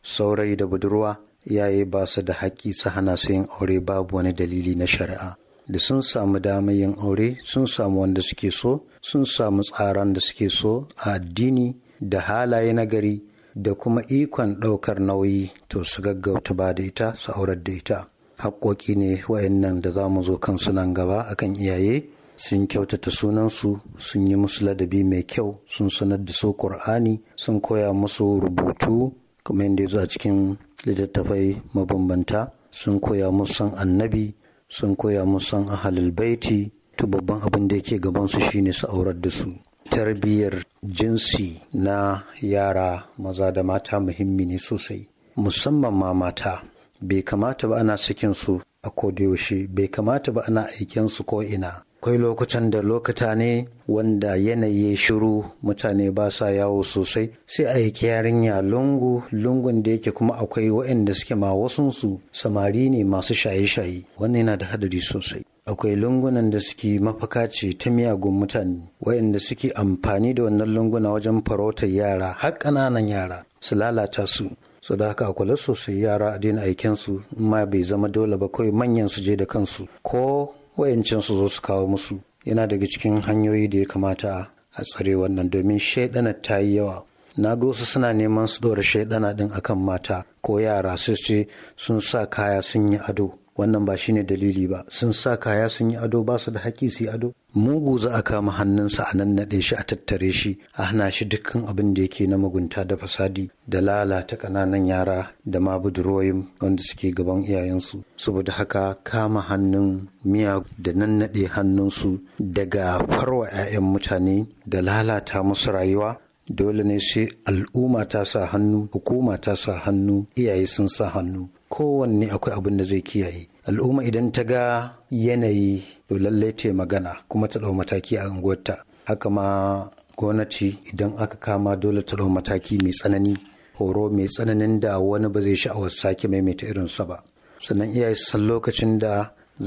Saurayi da budurwa yaye ba su da haƙƙi su hana su yin aure babu wani dalili na shari'a. Da sun samu damar yin aure sun samu wanda suke so sun samu tsaron da suke so a addini da halaye na gari da kuma ikon ɗaukar nauyi to su gaggauta ba da ita su aurar da ita Haƙƙoƙi ne wayannan da za mu zo kansu nan gaba akan iyaye sun kyautata sunansu sun yi musu ladabi mai kyau sun sanar da su ƙur'ani sun koya musu rubutu kuma yadda zuwa a cikin littattafai mabambanta sun koya musu san annabi sun koya musu san ahalul baiti to babban abin da yake gabansu shine su aurar da su tarbiyyar jinsi na yara maza da mata muhimmi ne sosai musamman ma mata bai kamata ba ana sakin su a kodayaushe bai kamata ba ana aiken su ko ina akwai lokutan da lokuta ne wanda yanayi shiru mutane ba sa yawo sosai sai a yi yarinya lungu lungun da yake kuma akwai waɗanda suke ma wasunsu samari ne masu shaye-shaye wannan yana da hadari sosai akwai lungunan da suke mafaka ce ta miyagun mutane wayanda suke amfani da wannan lunguna wajen farautar yara har ƙananan yara su lalata su so da haka kula sosai yara a daina aikin su ma bai zama dole ba kawai manyan su je da kansu ko wayancin su zo su kawo musu yana daga cikin hanyoyi da ya kamata a tsare wannan domin shaidanar ta yi yawa na ga wasu suna neman su dora shaidana din akan mata ko yara sai ce sun sa kaya sun yi ado wannan ba shine dalili ba sun sa kaya sun yi ado ba su da haƙƙi su yi ado mugu za a kama hannunsa a nan naɗe shi a tattare shi a hana shi dukkan abin da yake na mugunta da fasadi da lalata ƙananan yara da ma budurwoyin wanda suke gaban iyayensu saboda haka kama hannun miya da nan naɗe hannunsu daga farwa 'ya'yan mutane da lalata musu rayuwa dole ne sai al'umma ta sa hannu hukuma ta sa hannu iyaye sun sa hannu kowanne akwai abin da zai kiyaye al'umma idan ta ga yanayi to lallai ta magana kuma ta ɗau mataki a unguwarta haka ma gwamnati idan aka kama dole ta ɗau mataki mai tsanani horo mai tsananin da wani ba zai sha'awar sake maimaita irin sa ba sannan iyaye su san lokacin da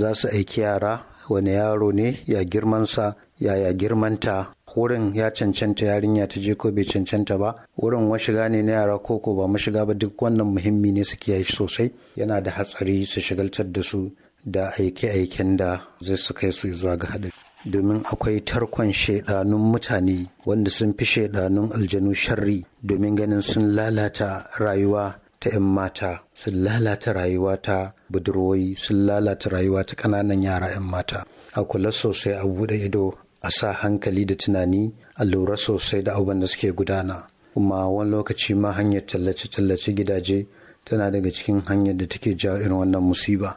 za su aiki yara wani yaro ne ya girmansa yaya girmanta wurin ya cancanta yarinya ta je ko bai cancanta ba wurin mashiga ne na yara ko ko ba mashiga ba duk wannan muhimmi ne suke kiyaye sosai yana da hatsari su shigaltar da su da aike-aiken da zai su kai su zuwa ga haɗari domin akwai tarkon shaidanun mutane wanda sun fi shaidanun aljanu sharri domin ganin sun lalata rayuwa ta 'yan mata sun lalata rayuwa ta budurwoyi sun lalata rayuwa ta ƙananan yara 'yan mata a kula sosai a buɗe ido a sa hankali da tunani a lura sosai da abubuwan da suke gudana kuma wani lokaci ma hanyar tallace-tallace gidaje tana daga cikin hanyar da take jawo irin wannan musiba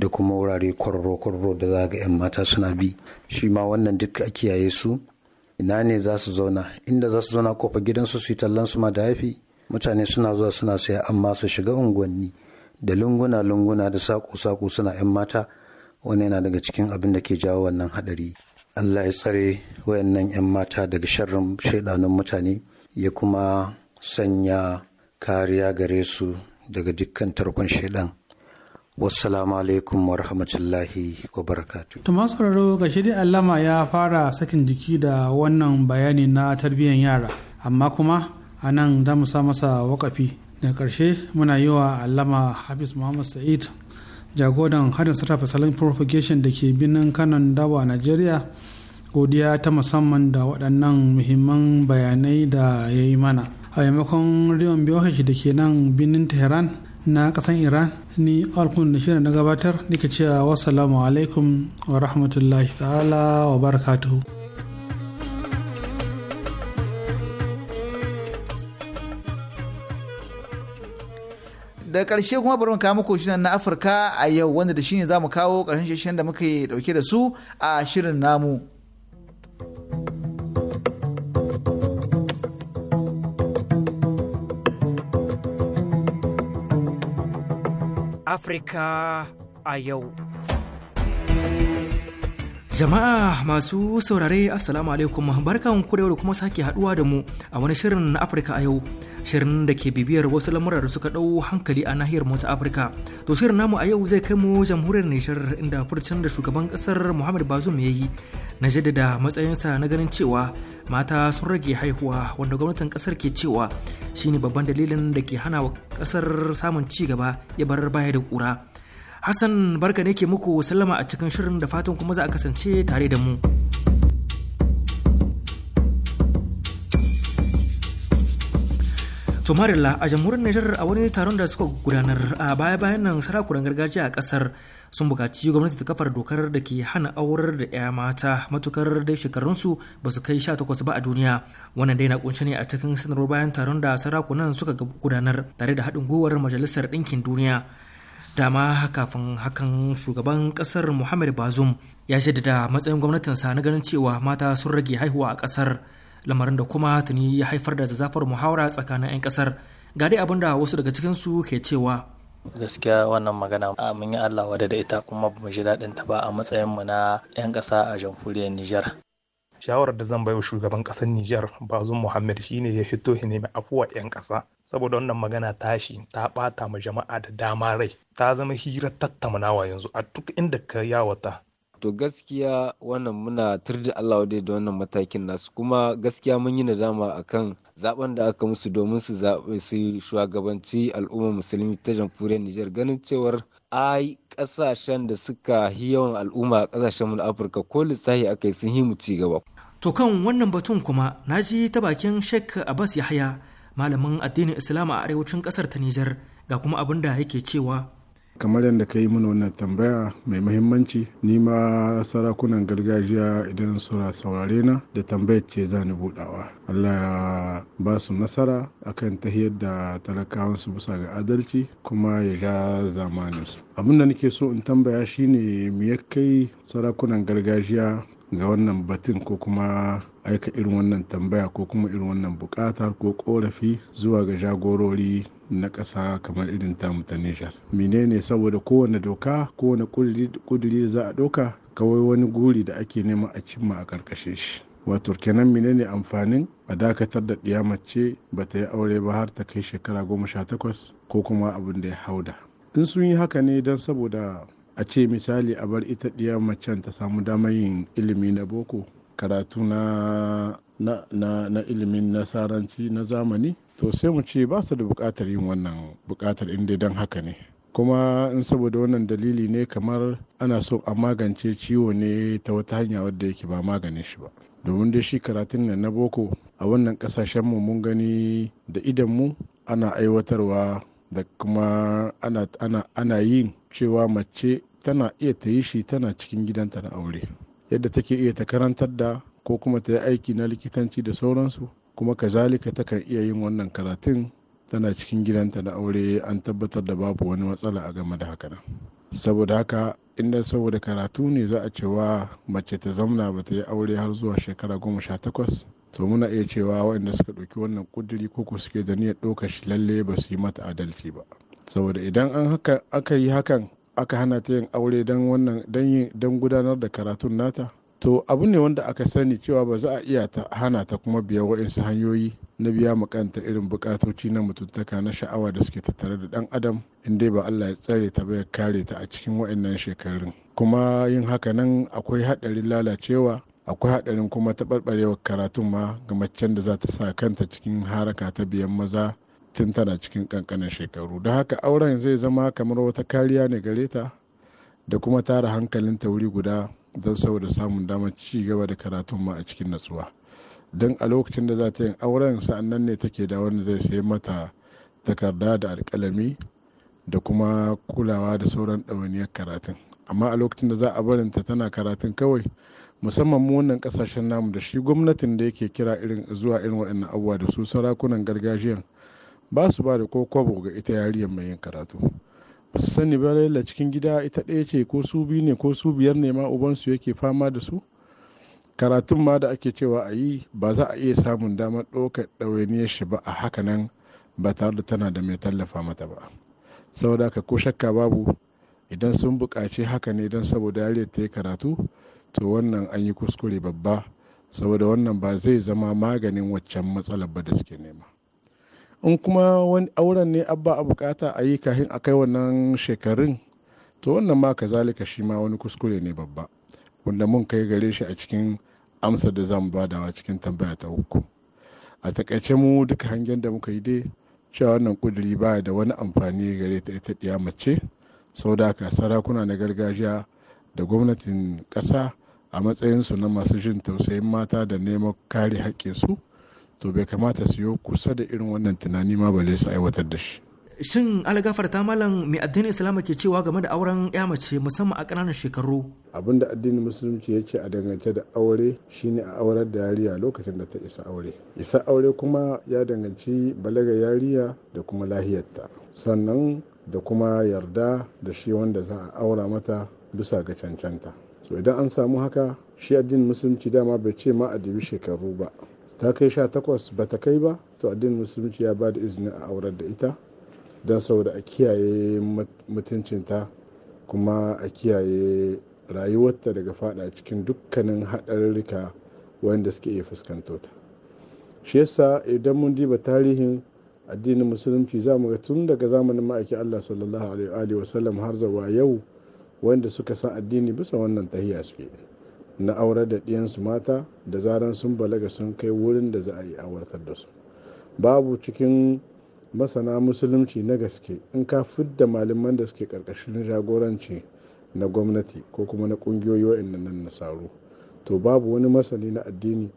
da kuma wurare kwarro-kwarro da za ga 'yan mata suna bi shi ma wannan duk a kiyaye su ina ne za su zauna inda za su zauna kofa gidansu su yi tallan su ma da haifi mutane suna zuwa suna saya amma su shiga unguwanni da lunguna-lunguna da saƙo-saƙo suna 'yan mata wani yana daga cikin abin da ke jawo wannan haɗari Allah ya tsare wayannan 'yan mata daga sharrin shaidanun mutane ya kuma sanya kariya gare su daga dukkan tarkon shaidan. Wassalamu alaikum wa rahmatullahi wa barakatu. To masu ga shirin Allama ya fara sakin jiki da wannan bayani na tarbiyyar yara, amma kuma a nan za mu sa masa wakafi. Da ƙarshe muna yi wa Allama Hafiz Muhammad Sa'id jagoran harin sarrafa salon propagation da ke binin kanan dawa nigeria godiya ta musamman da waɗannan muhimman bayanai da ya yi mana a maimakon riyon biyohashi da ke nan binin tehran na ƙasan iran ni alkun da shirin na gabatar nake cewa wasu alaikum wa rahmatullahi ta'ala wa barakatuhu da ƙarshe kuma bari mu kawo muku shirin na afirka a yau wanda da shine zamu kawo ƙarshen shirin da muke dauke da su a shirin namu afirka a yau Jama'a masu saurare Assalamu alaikum barkan ku da kuma sake haduwa da mu a wani shirin na Afirka a yau shirin da ke bibiyar wasu lamurar da suka dau hankali a nahiyar mu Afirka to shirin namu a yau zai kai mu jamhuriyar Nijar inda furcin da shugaban kasar Muhammad Bazoum ya yi na jaddada matsayinsa na ganin cewa mata sun rage haihuwa wanda gwamnatin kasar ke cewa shine babban dalilin da ke hana wa kasar samun ci gaba ya bar baya da kura Hassan barka ne ke muku sallama a cikin shirin da fatan kuma za a kasance tare da mu. Tumarilla a jamhuriyar nijar a wani taron da suka gudanar a baya-bayan nan sarakunan gargajiya a kasar sun bukaci gwamnati ta kafar dokar da ke hana aurar da 'ya mata matukar dai shekarunsu ba su kai 18 ba a duniya wannan dai na kunshi ne a cikin sanarwar bayan taron da sarakunan suka gudanar tare da haɗin gwiwar majalisar ɗinkin duniya dama kafin hakan shugaban kasar muhammad bazum ya shaidada matsayin gwamnatinsa na ganin cewa mata sun rage haihuwa a kasar lamarin da kuma tuni ya haifar da zazafar muhawara tsakanin 'yan kasar ga dai abin da wasu daga cikinsu ke cewa gaskiya wannan magana mun yi Allah wada da ita kuma ba mu ji daɗin ta ba a matsayin mu na 'yan ƙasa a jamhuriyar Nijar shawarar da zan baiwa shugaban ƙasar Nijar Bazoum Muhammad shine ya fito ya nemi afuwa 'yan ƙasa saboda wannan magana tashi ta ɓata ma jama'a da dama rai ta zama hirar tattaunawa yanzu a duk inda ka yawata to gaskiya wannan muna turda Allah dai da wannan matakin nasu kuma gaskiya mun yi nadama a kan zaben da aka musu domin su zaɓe su shugabanci al'ummar musulmi ta jamhuriyar Nijar ganin cewar ai ƙasashen da suka yi yawan al'umma a ƙasashen na afirka ko lissahi aka yi sun yi mu ci gaba. to kan wannan batun kuma na ji ta bakin sheikh abbas yahaya malamin addinin islam a arewacin kasar ta nijar ga kuma abin da yake cewa kamar yadda ka yi mana wannan tambaya mai muhimmanci ni ma sarakunan gargajiya idan suna saurare na da tambayar ce za ni budawa allah ya ba su nasara akan tahiyar da talakawansu bisa ga adalci kuma ya ja zamaninsu abin da nake so in tambaya shine me ya kai sarakunan gargajiya ga wannan batun ko kuma aika irin wannan tambaya ko kuma irin wannan bukatar ko korafi zuwa ga jagorori na ƙasa kamar irin tamu ta Nijar. Menene saboda kowane doka kowane kuduri za a doka kawai wani guri da ake nema a cimma a ƙarƙashe shi. Wato kenan menene amfanin a dakatar da ɗiya mace ba ta yi aure ba har ta kai shekara goma sha takwas ko kuma abin da ya hauda. In sun yi haka ne don saboda a ce misali a bar ita ɗiya macen ta samu damar yin ilimi na boko karatu na ilimin nasaranci na zamani to sai mu ce ba su da bukatar yin wannan buƙatar inda don haka ne kuma in saboda wannan dalili ne kamar ana so a magance ciwo ne ta wata hanya wadda yake ba maganin shi ba domin dai shi karatun nan na boko a wannan kasashen mu mun gani da idan mu ana aiwatarwa da kuma ana, ana yin cewa mace tana iya ta yi shi tana cikin gidanta na aure yadda take iya ta karantar da ko kuma ta yi aiki na likitanci da sauransu kuma kazalika takan iya yin wannan karatun tana cikin gidanta na aure an tabbatar da babu wani matsala a game da haka nan saboda haka inda saboda karatu ne za a cewa mace ta zamna ba ta yi aure har zuwa shekara goma sha takwas to muna iya cewa waɗanda suka ɗauki wannan ƙuduri ko suke da niyyar ɗaukar shi lalle ba su yi mata adalci ba saboda idan an haka aka yi hakan aka hana ta yin aure don wannan don gudanar da karatun nata to abu ne wanda aka sani cewa ba za a iya hana ta kuma biya wa'insu hanyoyi na biya makanta irin bukatoci na mutuntaka na sha'awa da suke tattare da dan adam in dai ba allah ya tsare ta ba ya kare ta a cikin wa'annan shekarun kuma yin haka nan akwai haɗarin lalacewa akwai haɗarin kuma taɓarɓarewar karatun ma ga macen da za ta sa kanta cikin haraka ta biyan maza tun tana cikin ƙanƙanin shekaru don haka auren zai zama kamar wata kariya ne gare ta da kuma tara hankalinta wuri guda don saboda samun damar ci gaba da karatun ma a cikin natsuwa don a lokacin da za ta yin auren sa'an nan ne take da wani zai sayi mata takarda da alkalami da kuma kulawa da sauran ɗawainiyar karatun amma a lokacin da za a barin ta tana karatun kawai musamman mu wannan kasashen namu da shi gwamnatin da yake kira irin zuwa irin waɗannan abubuwa da su sarakunan gargajiyan ba su ba da ko kwabo ga ita yariyar mai yin karatu sani ba laila cikin gida ita ɗaya ce ko su biyu ne ko su biyar ne ma ubansu yake fama da su karatun ma da ake cewa a yi ba za a iya samun damar ɗaukar ɗawainiyar shi ba a haka nan ba tare da tana da mai tallafa mata ba saboda haka ko shakka babu idan sun buƙaci haka ne don saboda yare ta yi karatu to wannan an yi kuskure babba saboda wannan ba zai zama maganin waccan matsalar ba da suke nema in kuma wani auren ne abba a bukata a yi kahin a kai wannan shekarun to wannan ma kazalika shi ma wani kuskure ne babba wanda mun kai gare shi a cikin amsa da zan dawa cikin tambaya ta uku a takaice mu duka hangen da muka yi dai cewa wannan kuduri baya da wani amfani gare ta ita ɗiya mace sau da ka sarakuna na gargajiya da gwamnatin kasa a matsayinsu na masu jin tausayin mata da neman kare haƙƙinsu to bai kamata su yi kusa da irin wannan tunani ma balle su aiwatar da shi shin algafar ta malam mai addinin islama ke cewa game da auren ya mace musamman a ƙananan shekaru abin da addinin musulunci ya ce a dangance da aure shine a aurar da yariya lokacin da ta isa aure isa aure kuma ya danganci balaga yariya da kuma lahiyarta sannan da kuma yarda da shi wanda za a aura mata bisa ga cancanta so idan an samu haka shi addinin musulunci dama bai ce ma a dubi shekaru ba ta kai sha takwas ba ta kai ba to addinin musulunci ya ba da izini a aurar da ita don saboda a kiyaye mutuncinta kuma a kiyaye rayuwarta daga fada cikin dukkanin haɗarurruka wanda suke iya fuskantota shi yasa idan mun diba tarihin addinin musulunci za mu ga tun daga zamanin ma'aiki allah sallallahu alaihi wa sallam har zuwa yau wanda suka san addini bisa wannan tahiya suke na aure da ɗiyansu mata da zaran sun balaga sun kai wurin da za a yi awartar da su babu cikin masana musulunci na gaske in ka fidda malaman da suke karkashin jagoranci na gwamnati ko kuma na kungiyoyi wa'in nan nasaru to babu wani masani na addini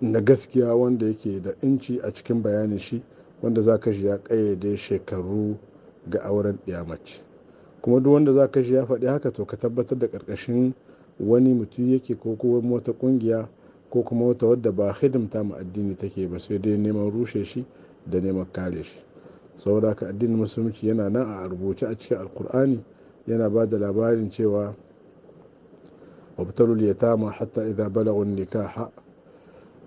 na gaskiya wanda yake da inci a cikin bayanin shi wanda za ka shi ya kayyade shekaru ga auren ɗiyamace kuma duk wanda za ka shi ya faɗi haka to ka tabbatar da karkashin wani mutum yake ko kuma wata kungiya ko kuma wata wadda ba hidimta mu addini take ba sai dai neman rushe shi da neman kare shi saboda ka addinin musulunci yana nan a rubuce a cikin alkur'ani yana ba da labarin cewa wabtalul yatama hatta idza balagu nikaha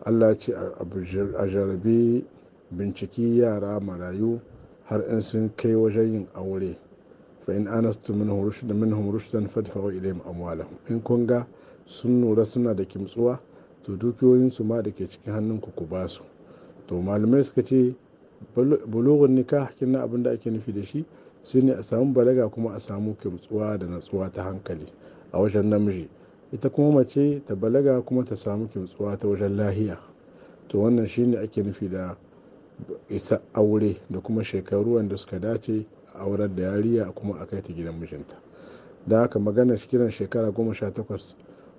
Allah ce a jarabi binciki yara marayu har in sun kai wajen yin aure fa in anastu minhum rushdan minhum rushdan fadfa'u ilayhim amwalahum in kun sun nura suna da kimtsuwa to dukiyoyinsu ma da ke cikin hannun ku ba su to malamai suka ce bulugun nikah kin na abin da ake nufi da shi shine a samu balaga kuma a samu kimtsuwa da natsuwa ta hankali a wajen namiji ita kuma mace ta balaga kuma ta samu kimtsuwa ta wajen lahiya to wannan shine ake nufi da isa aure da kuma shekaru wanda suka dace aurar da yariya kuma a kai ta gidan mijinta da haka maganar kiran shekara goma sha takwas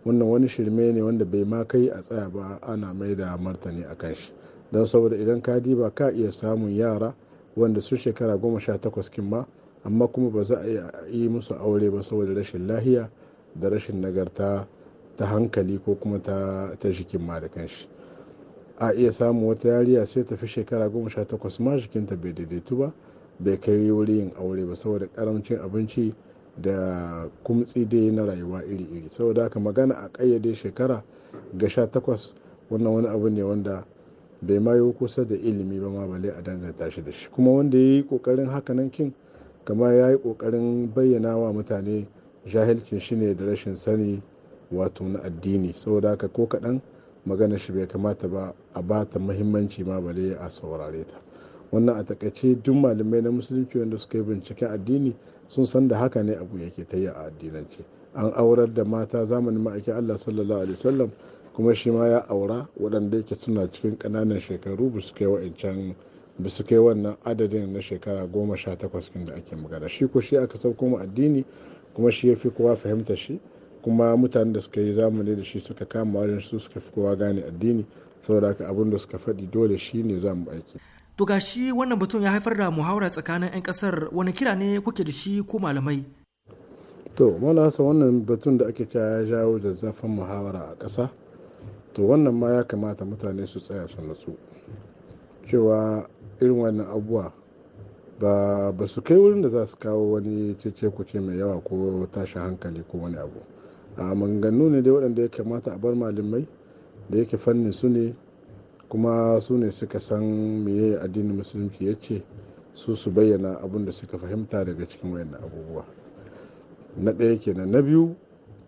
wannan wani shirme ne wanda bai ma kai a tsaya ba ana mai da martani a kan shi don saboda idan ka diba ka iya samun yara wanda su shekara goma sha takwas kin ma amma kuma ba za a yi musu aure ba saboda rashin lahiya da rashin nagarta ta hankali ko kuma ta jikin ma da kanshi a iya samun wata yariya sai tafi shekara goma sha takwas ma jikinta bai daidaitu ba bai kai wuri yin aure ba saboda karamcin abinci da kumtsi dai na rayuwa iri-iri saboda haka magana a kayyade shekara ga sha takwas wannan wani abu ne wanda bai mayo kusa da ilimi ba ma bale a danganta shi da shi kuma wanda ya yi ƙoƙarin hakanan kin kama ya yi kokarin bayyana wa mutane jahilcin shi ne da rashin sani wato na addini saboda haka ko kaɗan magana shi bai kamata ba a bata ta muhimmanci ma bale a saurare ta. wannan a takaice duk malamai na musulunci wanda suka yi binciken addini sun san da haka ne abu yake ta yi a addinance an aurar da mata zamanin ma'aikin allah sallallahu alaihi wasallam kuma shi ma ya aura waɗanda yake suna cikin ƙananan shekaru ba su kai wa'ancan ba su kai wannan adadin na shekara goma sha takwas da ake magana shi ko shi aka sauko mu addini kuma shi ya fi kowa fahimta shi kuma mutanen da suka yi zamani da shi suka kama wajen su suka fi kowa gane addini saboda haka abin da suka faɗi dole shi ne za mu aiki To ga shi wannan batun ya haifar da muhawara tsakanin 'yan kasar wani kira ne kuke da shi ko malamai? To, mana hasa wannan batun da ake ya jawo da zafin muhawara a ƙasa, to wannan ma ya kamata mutane su tsaya su natsu. Cewa irin wannan abuwa ba su kai wurin da za su kawo wani cece kuce mai yawa ko tashin hankali ko wani abu. A maganganu ne dai waɗanda ya kamata a bar malamai da yake fannin su ne kuma su ne suka san meye addinin musulunci ya ce su su bayyana abin da suka fahimta daga cikin wayannan abubuwa na ɗaya kenan na biyu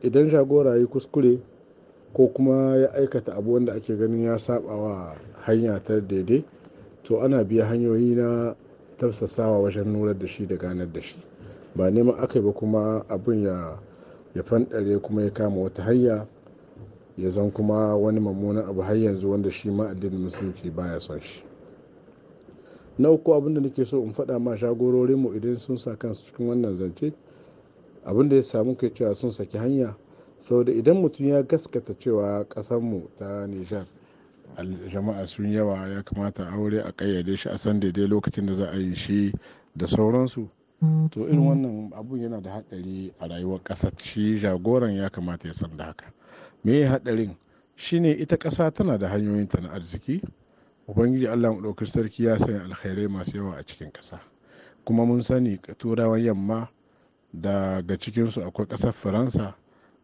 idan shagora yi kuskure ko kuma ya aikata abu wanda ake ganin ya saba wa hanya ta daidai to ana biya hanyoyi na tafsasawa wajen nurar da shi da ganar da shi ba neman aka ba kuma abin ya ya fanɗare kuma ya kama wata hanya ya zan kuma wani mummunan abu har yanzu wanda shi ma addinin musulunci baya son shi na uku abinda nake so in faɗa ma shagororin mu idan sun sa kansu cikin wannan zance abinda ya samu kai cewa sun saki hanya saboda idan mutum ya gaskata cewa mu ta nijar jama'a sun yawa ya kamata aure a kayyade shi a san daidai lokacin da za a yi shi da sauransu to irin wannan abun yana da haɗari a rayuwar ƙasar shi jagoran ya kamata ya san da haka me ya haɗarin shine ita ƙasa tana da hanyoyin ta na arziki ubangiji allah ɗaukar sarki ya sanya alkhairai masu yawa a cikin ƙasa kuma mun sani turawan yamma daga cikinsu akwai ƙasar faransa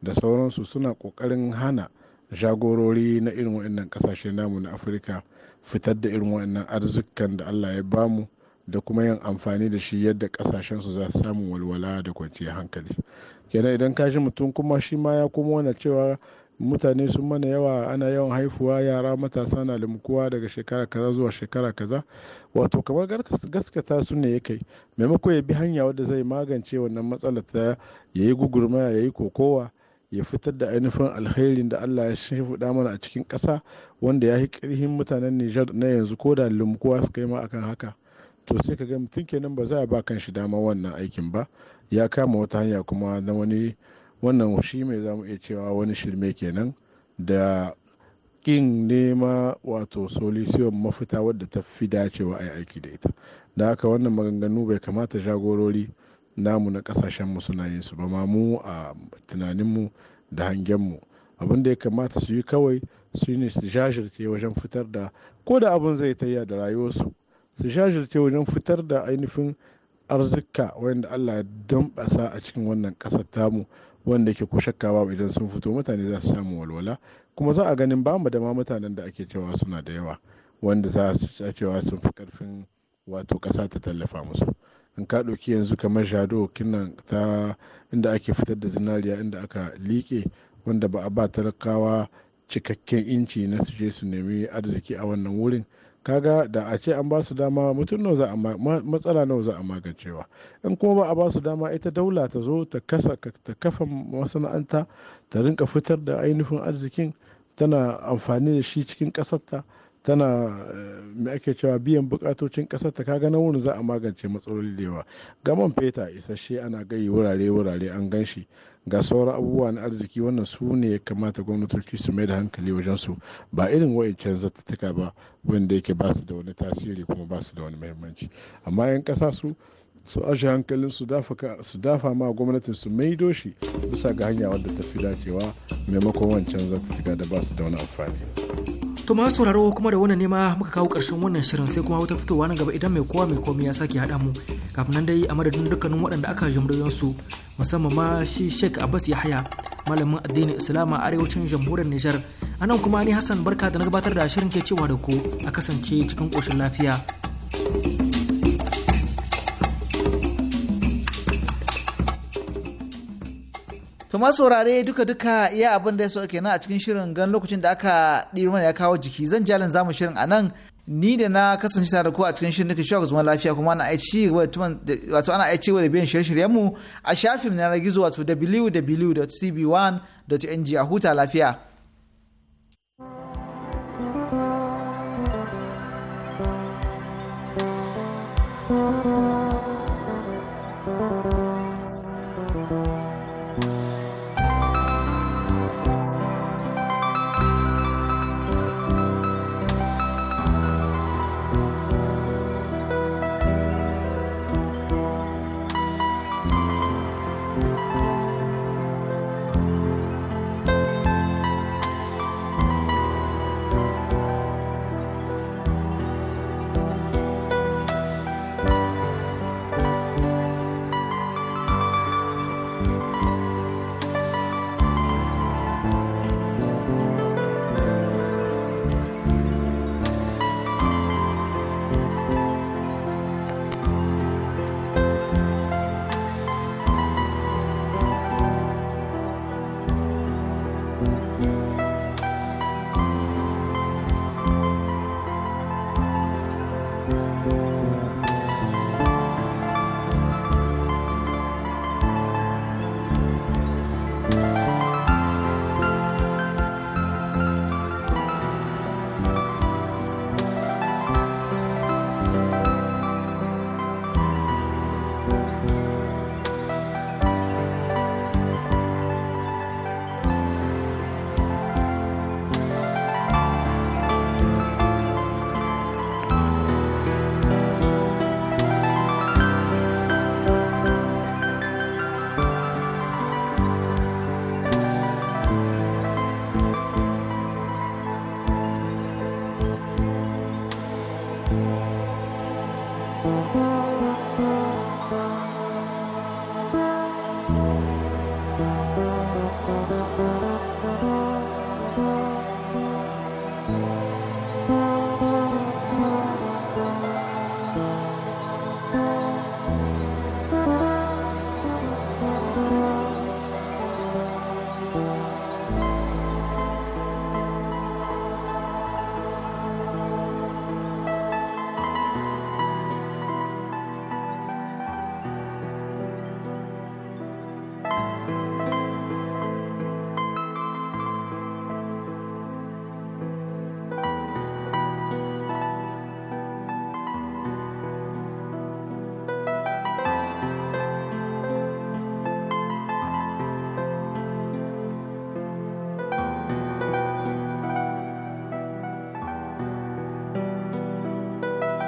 da sauransu suna ƙoƙarin hana jagorori na irin waɗannan ƙasashe namu na afirka fitar da irin waɗannan arzikan da allah ya bamu da kuma yin amfani da shi yadda ƙasashensu za su samu walwala da kwanciyar hankali kenan idan ka mutum kuma shi ma ya kuma wani cewa mutane sun mana yawa ana yawan haifuwa yara matasa na limkuwa daga shekara kaza zuwa shekara kaza wato kamar gaskata su ne ya kai maimako ya bi hanya wadda zai magance wannan matsalar ta ya yi gugurmaya ya yi kokowa ya fitar da ainihin alherin da Allah ya shimfiɗa mana a cikin kasa wanda ya yi ƙarfin mutanen Nijar na yanzu ko da limkuwa su yi ma akan haka to sai ka ga mutum kenan ba za a ba kan shi dama wannan aikin ba ya kama wata hanya kuma na wani wannan shi mai za mu iya cewa wani shirme kenan da ƙin nema wato solution mafita wadda ta fi dacewa a yi aiki da ita da haka wannan maganganu bai kamata jagorori namu na kasashen suna yin su ba ma mu a tunaninmu da hangenmu abin da ya kamata su yi kawai su ne su jajirce wajen fitar da ko da abin zai tayya da rayuwarsu su jajirce wajen fitar da ainihin arzika wanda allah ya dambasa a cikin wannan kasar tamu wanda ke ko shakka idan sun fito mutane za su samu walwala kuma za a ganin bamu da ma mutanen da ake cewa suna da yawa wanda za su cewa sun fi karfin wato ƙasa ta tallafa musu in ka ɗauki yanzu kamar jado kinan ta inda ake fitar da zinariya inda aka liƙe wanda ba a ba talakawa cikakken inci na su je su nemi arziki a wannan wurin kaga da a ce an ba su dama mutum nawa za a matsala nawa za a magancewa in kuma ba a ba su dama ita daula ta zo ta kasa ta kafa masana'anta ta rinka fitar da ainihin arzikin tana amfani da shi cikin ƙasarta tana eh, me ake cewa biyan bukatocin kasar ta kaga nan wurin za a magance matsaloli da yawa gaman feta isasshe ana gayi wurare wurare an gan shi ga sauran abubuwa na arziki wannan su ne ya kamata gwamnatoci su mai da hankali wajen su ba irin wa'ancan zattuka ba wanda yake ba su da wani tasiri kuma ba su da wani muhimmanci amma 'yan kasa su su ashe hankalin su dafa ma gwamnatin su maido shi bisa ga hanya wadda ta fi dacewa maimakon wancan zattuka da ba su da wani amfani. To masu sauraro kuma da wannan nema muka kawo ƙarshen wannan shirin sai kuma wata fitowa nan gaba idan mai kowa mai komai ya sake haɗa mu kafin nan dai a madadin dukkanin waɗanda aka jamrayon su musamman ma shi Sheikh Abbas Yahaya malamin addinin islam a arewacin jamhuriyar Nijar anan kuma ni Hassan barka da na gabatar da shirin ke cewa da ku a kasance cikin koshin lafiya. to ma saurare duka duka iya abin da ya so kenan a cikin shirin gan lokacin da aka ɗiri mana ya kawo jiki zan jalin zamu shirin a nan ni da na kasance tare ko a cikin shirin nake cewa zuma lafiya kuma ana aici wato ana aici da biyan shirye-shiryen mu a shafin na gizo wato www.tv1.ng a huta lafiya.